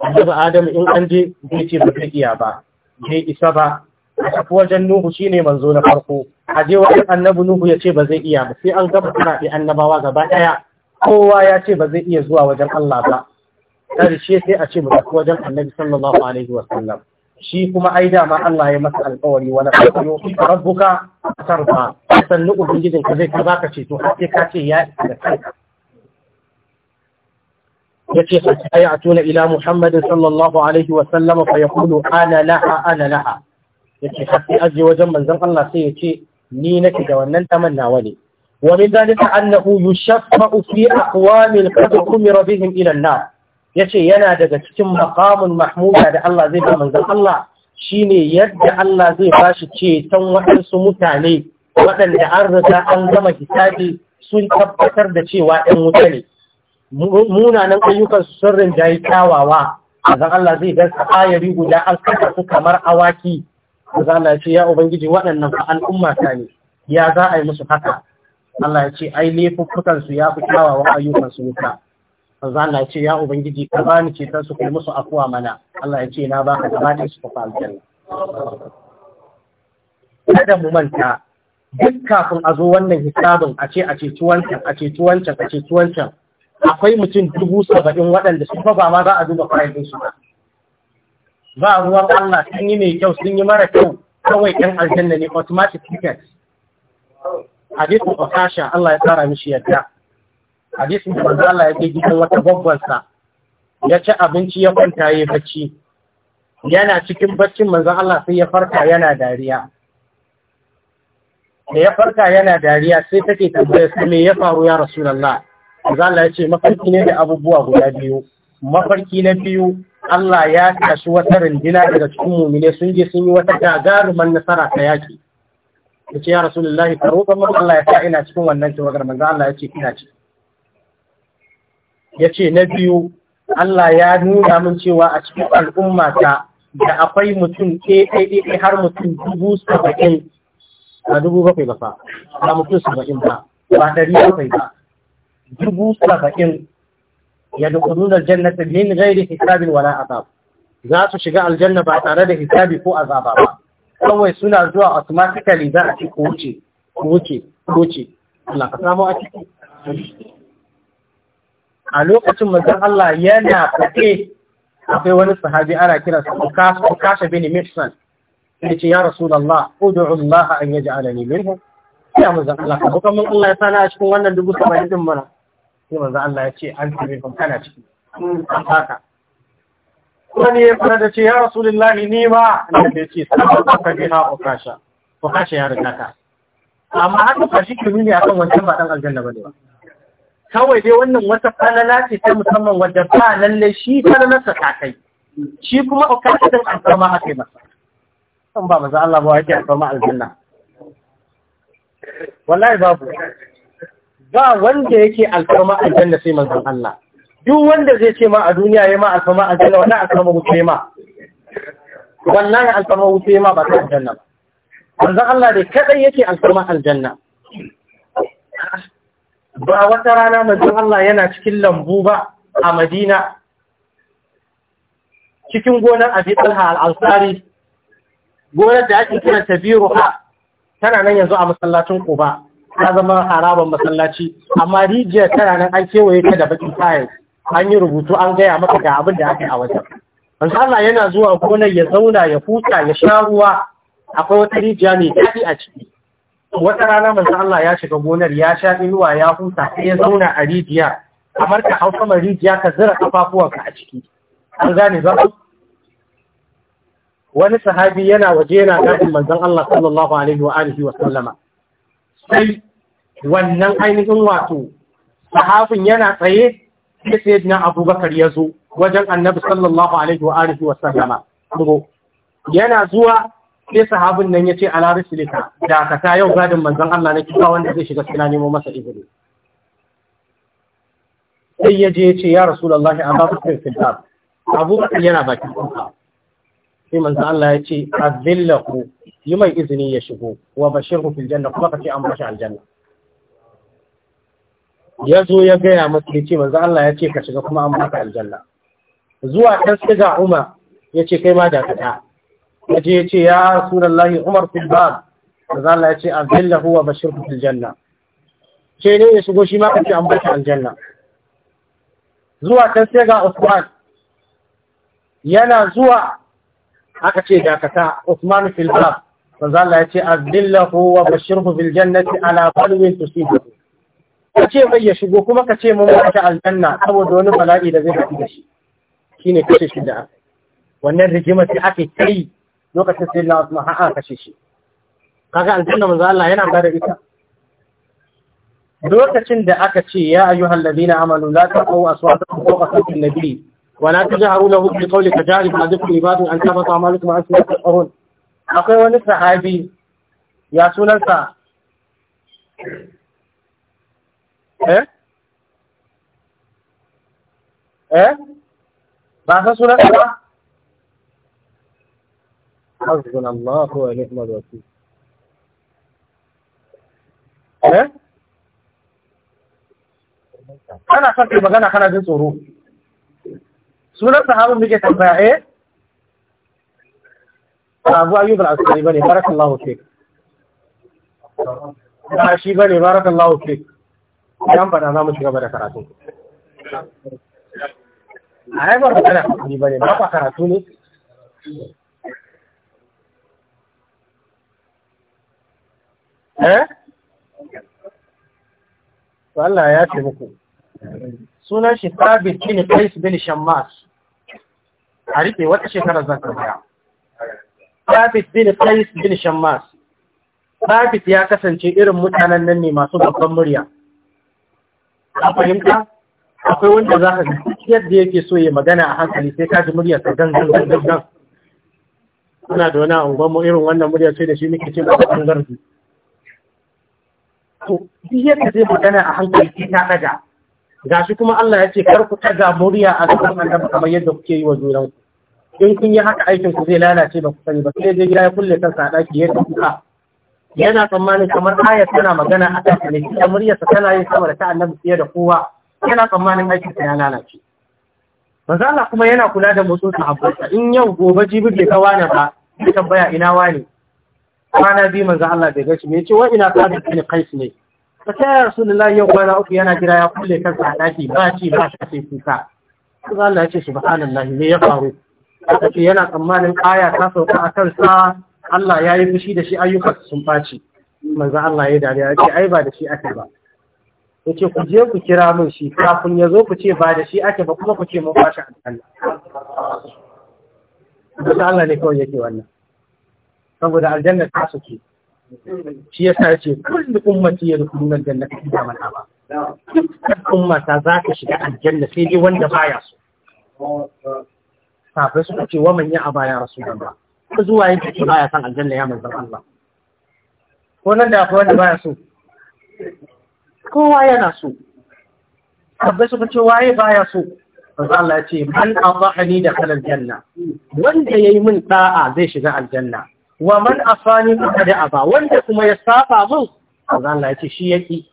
annabi Adamu in an je zai ce ba zai iya ba bai isa ba a tafi wajen Nuhu shi ne manzo na farko a je wajen annabi Nuhu ya ce ba zai iya ba sai an gaba suna bi annabawa gaba ɗaya kowa ya ce ba zai iya zuwa wajen Allah ba ƙarshe sai a ce ba tafi wajen annabi sallallahu alaihi wa sallam shi kuma ai dama Allah ya masa alƙawari wala taqulu rabbuka tarfa sannu ubangijin ka zai ka baka ce to har sai ka ce ya da kanka yace hatta ila Muhammad sallallahu alaihi wa sallam fa yaqulu ana laha ana laha yace hatta aje wajen manzon Allah sai yace ni nake da wannan taman nawa ne wa min dalika annahu yushaffa'u fi aqwamin qad kumira bihim ila an-nar yace yana daga cikin maqamun mahmuda da Allah zai ba manzon Allah shine yadda Allah zai bashi ceton waɗansu mutane waɗanda an riga an gama hisabi sun tabbatar da cewa ɗan wuta ne munanan ayyukan su sun rinjaye kyawawa azan Allah zai sa ayari guda an su kamar awaki azan Allah ce ya ubangiji waɗannan fa al'umma ta ne ya za a yi musu haka Allah ya ce ai laifukan su ya fi kyawawan ayyukan su wuta azan Allah ya ce ya ubangiji ka ba ce ta su kai musu afuwa mana Allah ya ce na ba ka gaba su fa aljanna kada mu manta duk kafin a zo wannan hisabin a ce a ce wancan a a akwai mutum dubu saba'in waɗanda su ba ma za a duba kwanakin su ba ba ruwan Allah sun yi mai kyau sun yi mara kyau kawai ɗan aljanna ne automatic ticket hadisin Okasha Allah ya tsara mishi yadda hadisin da Allah ya kai gidan wata babbansa ya ci abinci ya kwanta ya bacci yana cikin baccin manzan Allah sai ya farka yana dariya da ya farka yana dariya sai take tambayar su me ya faru ya rasulullah Allah ya ce mafarki ne da abubuwa guda biyu. Mafarki na biyu Allah ya tashi wata rindina daga cikin mumine sun je sun yi wata gagaruman nasara ta yaki. Ya ce ya Rasulullahi ka roƙa mun Allah ya sa ina cikin wannan tawagar manzo Allah ya ce ina ce Ya ce na biyu Allah ya nuna min cewa a cikin al'ummata da akwai mutum ɗaya har mutum dubu saba'in a dubu bakwai ba fa ba mutum saba'in ba ba ɗari bakwai ba dubu saba'in ya dukunun aljannata min gairi hisabin wala azab za su shiga aljanna ba tare da hisabi ko azaba ba kawai suna zuwa automatically za a ci ko wuce ko wuce ko wuce Allah ka samu a ciki a lokacin manzon Allah yana fate akwai wani sahabi ana kira sa Ukasha bin Mihsan yace ya Rasulullah ud'u Allah an yaj'alani minhum ya manzon Allah ka kuma Allah ya sana a cikin wannan dubu 70 din mana sai manzo Allah ya ce an tabe kun kana ciki an haka wani ya fara da ce ya rasulullah ni ma annabi ya ce sallallahu ka biha ukasha ukasha ya riga ka amma haka ba shi kimi ne akan wancan ba dan aljanna bane ba kawai dai wannan wata falala ce ta musamman wadda ba lalle shi falalarsa ta kai shi kuma ukasha din an farma haka yi masa san ba manzo Allah ba yake an farma aljanna wallahi babu ba wanda yake alfarma aljanna sai manzon Allah duk wanda zai ce ma a duniya yayi ma alfarma aljanna wannan alfarma wuce ma Wannan alfarma wuce ma ba ta aljanna manzon Allah dai kadai yake alfarma aljanna ba wata rana manzon Allah yana cikin lambu ba a Madina cikin gonar Abi Talha al-Ansari gonar da ake kira Tabiruha tana nan yanzu a masallacin Quba ta zama haraban masallaci amma rijiyar tana nan an kewaye ta da bakin kayan an yi rubutu an gaya maka ga abin da aka yi a wajen Allah yana zuwa gonar ya zauna ya huta ya sha ruwa akwai wata rijiya mai daɗi a ciki wata rana manzo ya shiga gonar ya sha inuwa ya huta sai ya zauna a rijiya kamar ka hau sama rijiya ka zira kafafuwanka a ciki an gane ba wani sahabi yana waje yana gadin manzon Allah sallallahu alaihi wa alihi wa sallama sai wannan ainihin wato sahafin yana tsaye sai na abubakar ya zo wajen annabi sallallahu alaihi wa alihi wa sallama yana zuwa sai sahabin nan ya ce ala rasulika da ka ta yau gadin manzon Allah na kisa wanda zai shiga suna nemo masa izini sai ya je ya ce ya rasulullahi amma ba su Abubakar yana bakin kuka sai manzo Allah ya ce azillahu yi mai izini ya shigo wa bashiru fil janna kuma kace an bashi aljanna ya zo ya gaya masa ya manzo Allah ya ce ka shiga kuma an baka aljanna zuwa kan siga Umar ya ce kai ma da kada ya ce ya ce ya rasulullahi Umar fil bab manzo Allah ya ce azillahu wa bashiru fil janna ce ne ya shigo shi ma kace an bashi aljanna zuwa kan siga Usman yana zuwa aka ce dakata Usman fil Bab manzo Allah ya ce azillahu wa bashirhu bil jannati ala balwin tusibu ka ce mai ya shigo kuma ka ce mun wata aljanna saboda wani bala'i da zai tafi da shi shine kace shi da wannan rigima ce ake kai lokacin sai Allah Usman ha'a kashe shi kaga aljanna manzo Allah yana bada ita lokacin da aka ce ya ayyuhal ladina amanu la taqaw aswatakum fawqa sawti an ولا تجهروا له بقول فجاري ما ذكر عباد ان تبط عمالك ما اسمه تقرون اخي ونسى حبيبي يا سولنسا ايه ايه بعد سولنسا حزنا الله هو الوكيل ايه انا خلت بغانا خلت بغانا سنن صحابه میگه تنبیه ابو ایوب العسکری بنی بارک الله فیک عاشی بنی بارک الله فیک جام بنا نام چھ خبر کرا تو آئے بار بنا نی بنی ما کرا تو نی ہے والله يا تبوكو سنة شتابي تيني قيس بن شماس a rike wata shekarar zan tambaya Thabit bin Kais bin Shammas Thabit ya kasance irin mutanen nan ne masu babban murya a fahimta akwai wanda za ka yadda yake so ya magana a hankali sai ka ji muryarsa gangan gangan Suna da wani mu irin wannan murya sai da shi muke ce ba gangar to shi yadda zai magana a hankali sai ta daga gashi kuma Allah ya ce kar ku taga murya a cikin annabi kamar yadda kuke yi wa junan ku in kun yi haka aikin ku zai lalace ba ku sani ba sai dai gida ya kulle kansa a daki ya kuka yana tsammanin kamar ayat tana magana a kan ne murya muryarsa tana yin sama da ta annabi fiye da kowa yana tsammanin aikin ta ya lalace manzo Allah kuma yana kula da motsin sahabbansa in yau gobe jibi bai ka wani ba sai tambaya ina wani kwana biyu manzo Allah bai gashi me ce wa ina ka da kai ne ta ta yaya rasulullahi yau kwana uku yana jira ya kulle kansa a ɗaki ba ci ba shi ce kuka sai Allah ya ce subhanallah me ya faru aka ce yana tsammanin aya ta sauka a kansa Allah ya yi fushi da shi ayyukan sun ɓaci manzo Allah ya dariya ya ce ai ba da shi ake ba ya ce ku je ku kira min shi kafin ya zo ku ce ba da shi ake ba kuma ku ce mun bashi alƙalla Manzo Allah ne kawai yake wannan saboda aljanna ta suke shi yasa ce kullu ummati yadkhuluna al-jannata da man ba dukkan ummata za ka shiga aljanna sai dai wanda baya so sahabbai suka ce wa man ya abaya ya rasulullah ko zuwa yake ce baya san aljanna ya manzon Allah ko nan da akwai wanda baya so kowa yana so sahabbai suka ce waye baya so manzon Allah ya ce man ni da kalal janna wanda yayi min da'a zai shiga aljanna wa man asani kuma da aba wanda kuma ya saba min manzon Allah ya shi yake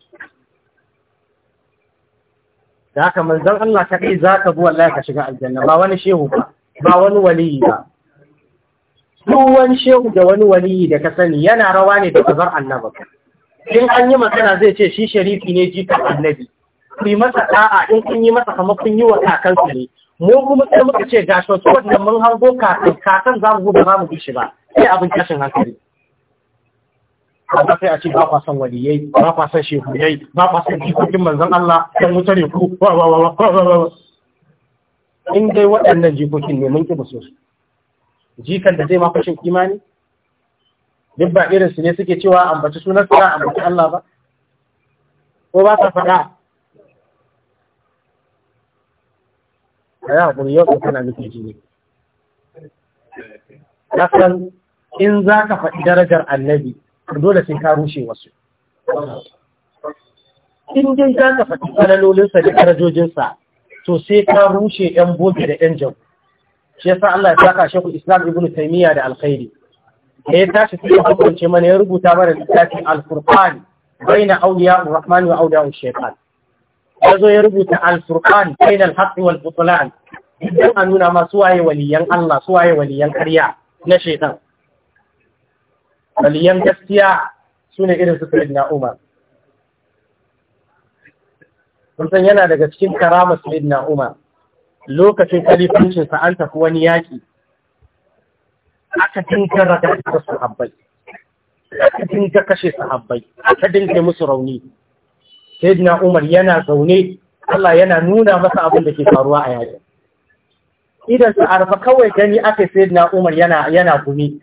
da haka manzon Allah ta kai zaka bi wallahi ka shiga aljanna ba wani shehu ba ba wani wali ba duk wani shehu da wani wali da ka sani yana rawa ne da kazar annabi in an yi magana zai ce shi sharifi ne jikan annabi ku masa da'a in kun yi masa kamar kun yi wa kakansa ne mu kuma sai muka ce ga shi wannan mun hango kakan kakan za mu zo ba za mu bi shi ba sai abin kashin hankali A amma sai a ce ba kwasan waliyai ba kwasan shehuyai ba kwasan jikokin manzan Allah don wuce ne ku wa wa wa wa wa in dai waɗannan jikokin ne mun kiba sosu jikan da zai mafashin imani duk ba irin su ne suke cewa ambaci sunan sa ambaci Allah ba ko ba ta faɗa a yi haƙuri yau ɗin kana nufi jini na in za ka faɗi darajar annabi dole sai ka rushe wasu in dai za ka faɗi kalalolinsa da karajojinsa to sai ka rushe ‘yan boki da ‘yan jau shi yasa Allah ya saka shekul Islam ibn Taymiyyah da alkhairi da ya tashi sai ya mana ya rubuta mana littafin al-Furqan baina awliya ar-Rahman wa awliya shaytan ya zo ya rubuta al-Furqan baina al-haqq wal butlan nuna ma suwaye waliyan Allah suwaye waliyan ƙarya na shaitan waliyan gaskiya su ne irin su na umar san yana daga cikin karama na umar lokacin kalifancinsa an tafi wani yaƙi aka dinka su habbai, aka dinka kashe su habbai, aka dinka musu rauni sayyidina umar yana zaune Allah yana nuna masa abin da ke faruwa a yaƙin idan a arfa kawai gani aka sai na umar yana gumi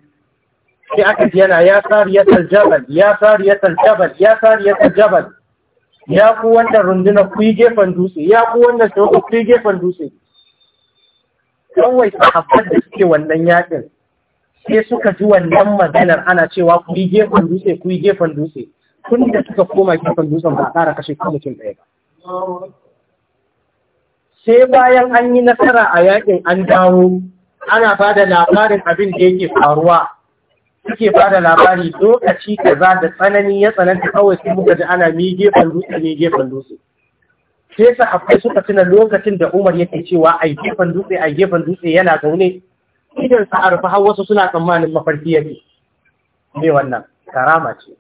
sai aka ji yana ya sariyatar jabal ya sariyatar jabal ya sariyatar jabal ya ku wanda runduna ku yi gefen dutse ya ku wanda sauka ku yi gefen dutse kawai sahabbar da suke wannan yakin sai suka ji wannan maganar ana cewa ku yi gefen dutse ku yi gefen dutse tun da suka koma gefen dutsen ba a tsara kashe kuma mutum ɗaya ba sai bayan an yi nasara a yakin an dawo ana ba da labarin abin da yake faruwa suke ba da labari lokaci za da tsanani ya tsananta kawai su muka ji ana mi gefen dutse mi gefen dutse sai sa akwai suka tuna lokacin da Umar yake cewa ai gefen dutse a gefen dutse yana zaune idan sa rufa har wasu suna tsammanin mafarki yake me wannan karama ce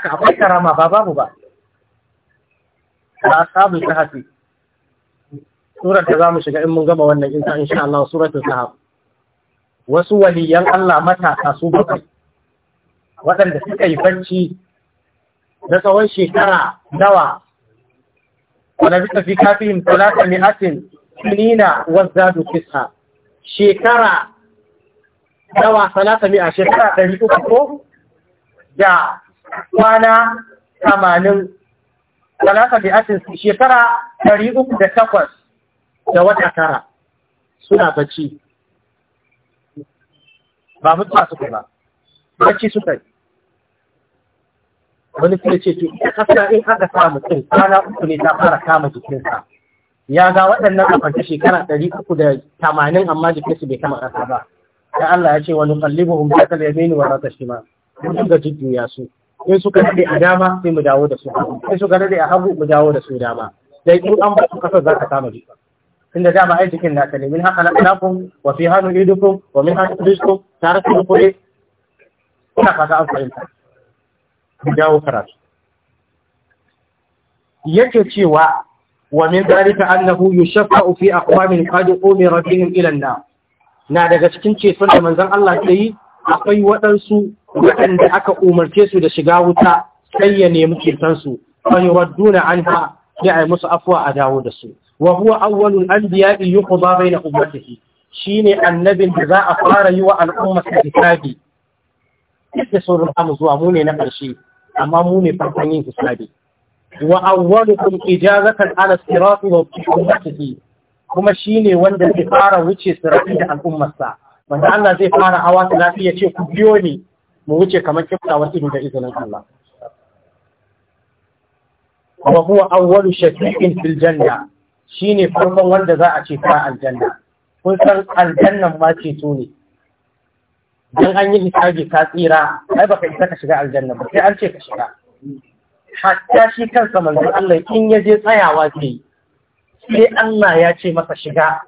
ka akwai karama ba babu ba da ta hafi. surar da zamu shiga in mun gama wannan insa insha Allah suratul sahab wasu waliyan Allah matasa su bakwai waɗanda suka yi barci da tsawon shekara dawa, wanda suka fi kafin talata mi'atin sunina wazzadu kisa shekara dawa, talata mi'a shekara ɗari uku ko da kwana tamanin talaka bi atin shekara 308 da wata tara suna bacci ba mutuwa suka ba bacci suka yi wani kuma ce to ita kasa in aka sa mutum kwana uku ne ta fara kama jikinsa ya ga waɗannan a shekara ɗari uku da tamanin amma jikinsu bai kama ƙasa ba da Allah ya ce wani kallibu hum ta kalamini wa rata shi ma mutum ga jujjuya su in suka daɗe a dama sai mu dawo da su in suka daɗe a hagu mu dawo da su dama dai in an ba su kasa za ka kama duka tunda dama ai jikin naka ne min haka lakum wa fi hanu idukum wa min hanu rizqum tarakum kuɗi ina fata an fahimta mu dawo karatu yake cewa wa min zalika annahu yushaffa'u fi aqwamin qad umira bihim ila an-nar na daga cikin ceton da manzon Allah ya yi akwai waɗansu waɗanda aka umarce su da shiga wuta sai ya nemi kirtansu wani radduna an ha ya a musu afuwa a dawo da su wa huwa awwalul anbiya yuqda baina ummatihi shine annabin da za a fara yi wa al'umma hisabi yadda sauran mu zuwa mu ne na ƙarshe amma mu ne farkon yin hisabi wa awwalukum ijazatan ala sirati wa ummatihi kuma shine wanda zai fara wuce sirati da al'ummarsa wanda Allah zai fara hawa ta lafiya ce ku biyo ni mu wuce kamar wasu ido da izinin Allah wa huwa awwalu shafi'in fil janna shine farkon wanda za a ce ta aljanna kun san aljannan ma ce to ne dan an yi hisabi ka tsira ai baka isa ka shiga aljanna ba sai an ce ka shiga hatta shi kansa manzon Allah in ya je tsayawa ke sai Allah ya ce masa shiga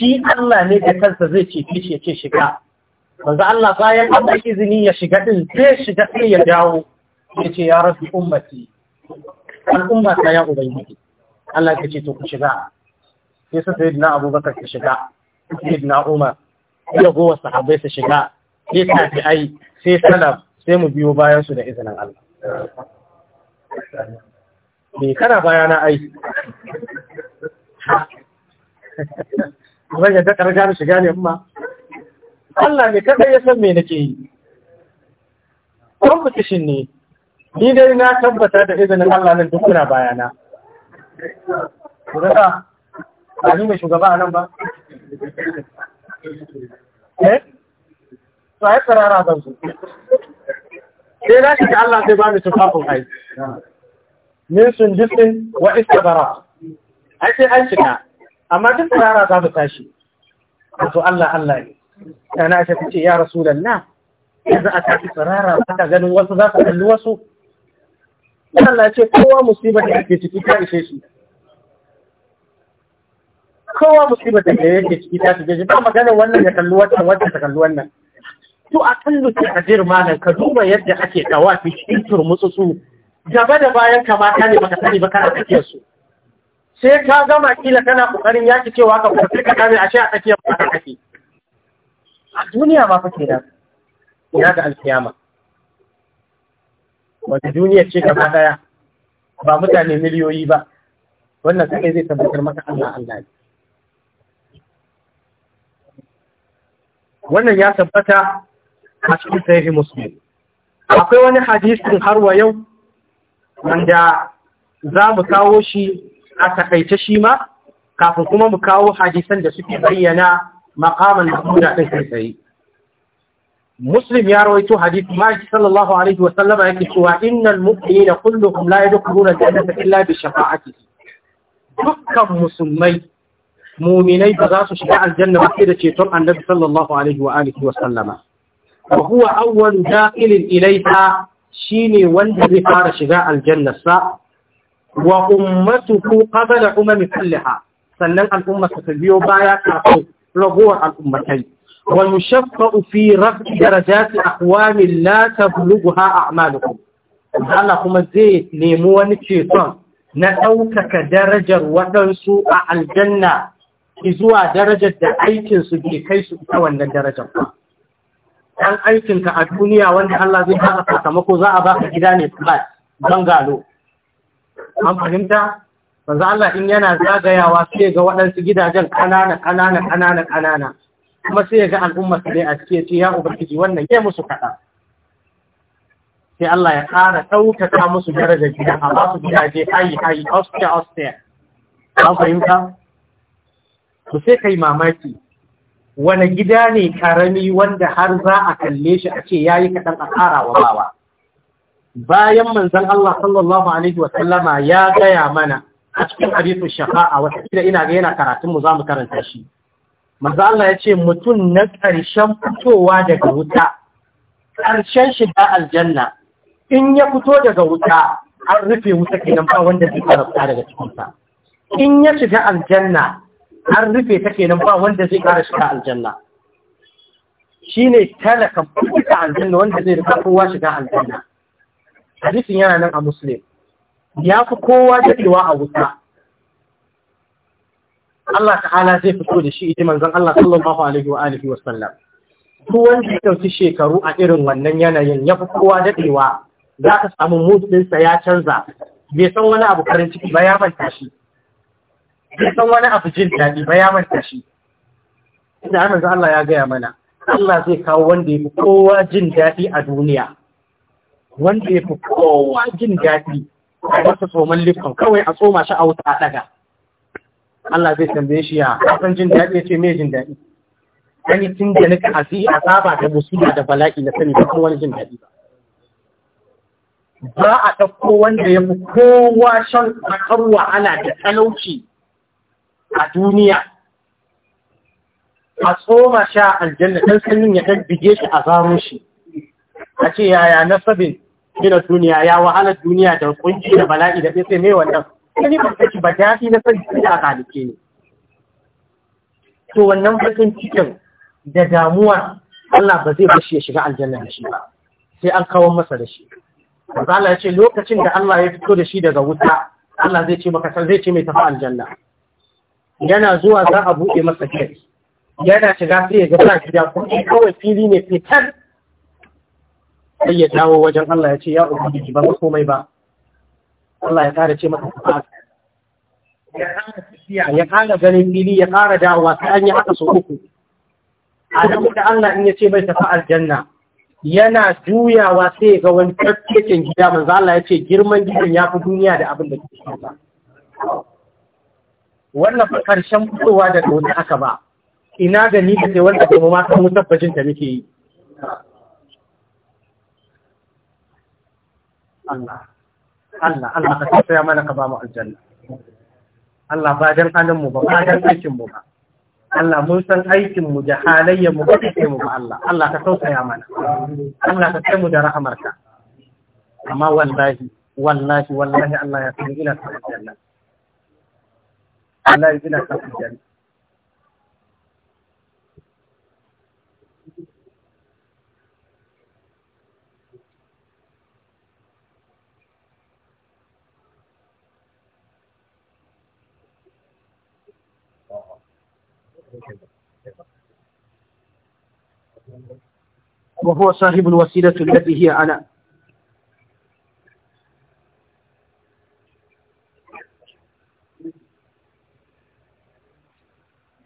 shi Allah ne da kansa zai ce shi ce shiga manzo Allah bayan an ba izini ya shiga din sai shiga sai ya dawo ya ce ya rasu ummati an ta ya ubangiji Allah ya ce to ku shiga sai su sayyidina Abubakar ya shiga sayyidina Umar ya gowa sahabbai su shiga sai ai sai salam sai mu biyo bayan su da izinin Allah me kana bayana ai wajen yadda ƙarga da shiga ne ma Allah ne kaɗai ya san me nake yi kishin ne ni dai na tabbata da izinin Allah nan duk kuna bayana kuma ba ni mai shugaba a nan ba eh to ai tsarara zan su sai na shiga Allah sai ba ni tufafin ai min sun jisin wa istabara ai sai an shiga amma duk tsara za su tashi wato Allah Allah ne yana shafi ce ya rasulullah yanzu a tafi tsirara ba ta ganin wasu za su kalli wasu Allah ce kowa musibar da ake ciki ta ishe shi kowa musibar da yake ciki ta ishe shi ba maganar wannan ya kalli wannan wata ta kalli wannan to a kallu ta ajir malam ka duba yadda ake tawafi cikin turmutsu gaba da bayan kamata ne baka sani ba kana kake su sai ka gama kila kana kokarin yaki cewa ka kwafi ka kame a shi a tsakiyar fata kake a duniya ma kake da ina ga alkiyama wata duniya ce gaba daya ba mutane miliyoyi ba wannan sai zai tabbatar maka Allah Allah ne wannan ya tabbata a cikin sahihi muslim akwai wani hadisin har wa yau wanda za mu kawo shi a takaice shi ma kafin kuma mu kawo hadisan da suke bayyana maqaman mahmuda din kai tsaye muslim ya rawaito hadisi ma sallallahu alaihi wa sallama yake cewa innal mu'minina kulluhum la yadkhuluna al-jannata illa bi shafa'atihi dukkan musulmai muminai ba za su shiga aljanna ba sai da ceton annabi sallallahu alaihi wa alihi wa sallama wa huwa ilayha shine wanda zai fara shiga aljanna sa wa ummatuhu qabla umami kullaha sannan al'umma ta biyo baya kafin ragowar al'ummatai wa yushaffa fi rafi darajati aqwami la tablughuha a'malukum Allah kuma zai nemi wani ceton na ɗaukaka darajar waɗansu a aljanna zuwa darajar da aikinsu ke kai su ita wannan darajar ba. Ɗan aikinka a duniya wanda Allah zai haka sakamako za a baka gida ne flat bangalo an fahimta manzo Allah in yana zagayawa sai ga waɗansu gidajen ƙanana ƙanana ƙanana ƙanana kuma sai ga al'umma su dai a cike ce ya ubangiji wannan ke musu kaɗa sai Allah ya ƙara ɗaukaka musu daraja gida a ba su gidaje hayi hayi austere austere an fahimta Ku sai kai mamaki wani gida ne karami wanda har za a kalle shi a ce yayi kaɗan a ƙara wa bawa bayan manzon Allah sallallahu alaihi wa ya gaya mana a cikin hadithu shafa'a wata kila ina ga yana karatun mu karanta shi Maza Allah ya ce mutum na ƙarshen fitowa daga wuta ƙarshen shiga aljanna in ya fito daga wuta an rufe wuta kenan ba wanda zai karabta daga cikinsa in ya shiga aljanna an rufe ta kenan ba wanda zai ƙara shiga aljanna Shi shine talakan fita aljanna wanda zai rufe kowa shiga aljanna hadisin yana nan a muslim ya fi kowa daɗewa a wuta Allah ta'ala zai fito da shi ita manzan Allah sallallahu alaihi wa alihi wa sallam ko wanda ya dauki shekaru a irin wannan yanayin ya fi kowa daɗewa za ka samu mutunsa ya canza bai san wani abu karin ciki ba ya manta shi bai san wani abu jin daɗi ba ya manta shi Ina amince Allah ya gaya mana Allah zai kawo wanda ya fi kowa jin daɗi a duniya wanda ya fi kowa jin daɗi a wata tsoman lifton kawai a tsoma shi a wuta a ɗaga Allah zai tambaye shi ya kasan jin daɗi ya ce mai jin daɗi wani tun da nika a a saba da musulma da bala'i na sani ba wani jin daɗi ba ba a ɗauko wanda ya fi kowa shan ƙasar wahala da talauci a duniya a tsoma sha aljanna ɗan sanyin ya ɗan bige shi a zaro shi a ce yaya na sabin gina duniya ya wahalar duniya da kunji da bala'i da sai mai wannan ni ba kaci ba ta na san da aka halice ne to wannan bakin cikin da damuwa Allah ba zai bashi ya shiga aljanna da shi ba sai an kawo masa da shi Maza Allah ya ce lokacin da Allah ya fito da shi daga wuta Allah zai ce maka zai ce mai tafi aljanna yana zuwa za a buɗe masa kai yana shiga sai ya ga sa gida kuma kawai fili ne fitar sai ya dawo wajen Allah ya ce ya ubangiji ba komai ba Allah ya kare ce masa ba ya kara ganin lili ya kara dawowa sai an yi haka so uku a da Allah in ya ce bai tafi aljanna yana juyawa sai ga wani tafkekin gida manzo Allah ya ce girman gidan ya fi duniya da abin da ke cikin wannan fa karshen fitowa da wani aka ba ina ga ni da sai wanda kuma ma kan mutabbacin ta muke yi Allah Allah Allah ka tausaya mana ka ba mu aljanna Allah ba dan hannun ba ba dan aikin ba Allah mun san aikinmu da halayyar mu ba kake mu ba Allah Allah ka tausaya mana Allah ka kai mu da rahamarka amma wallahi wallahi wallahi Allah ya san ina ta aljanna Allah ya san ina ta aljanna وهو صاحب الوسيلة التي هي أنا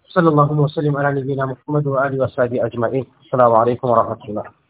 صلى الله وسلم على نبينا محمد وآله وصحبه أجمعين السلام عليكم ورحمة الله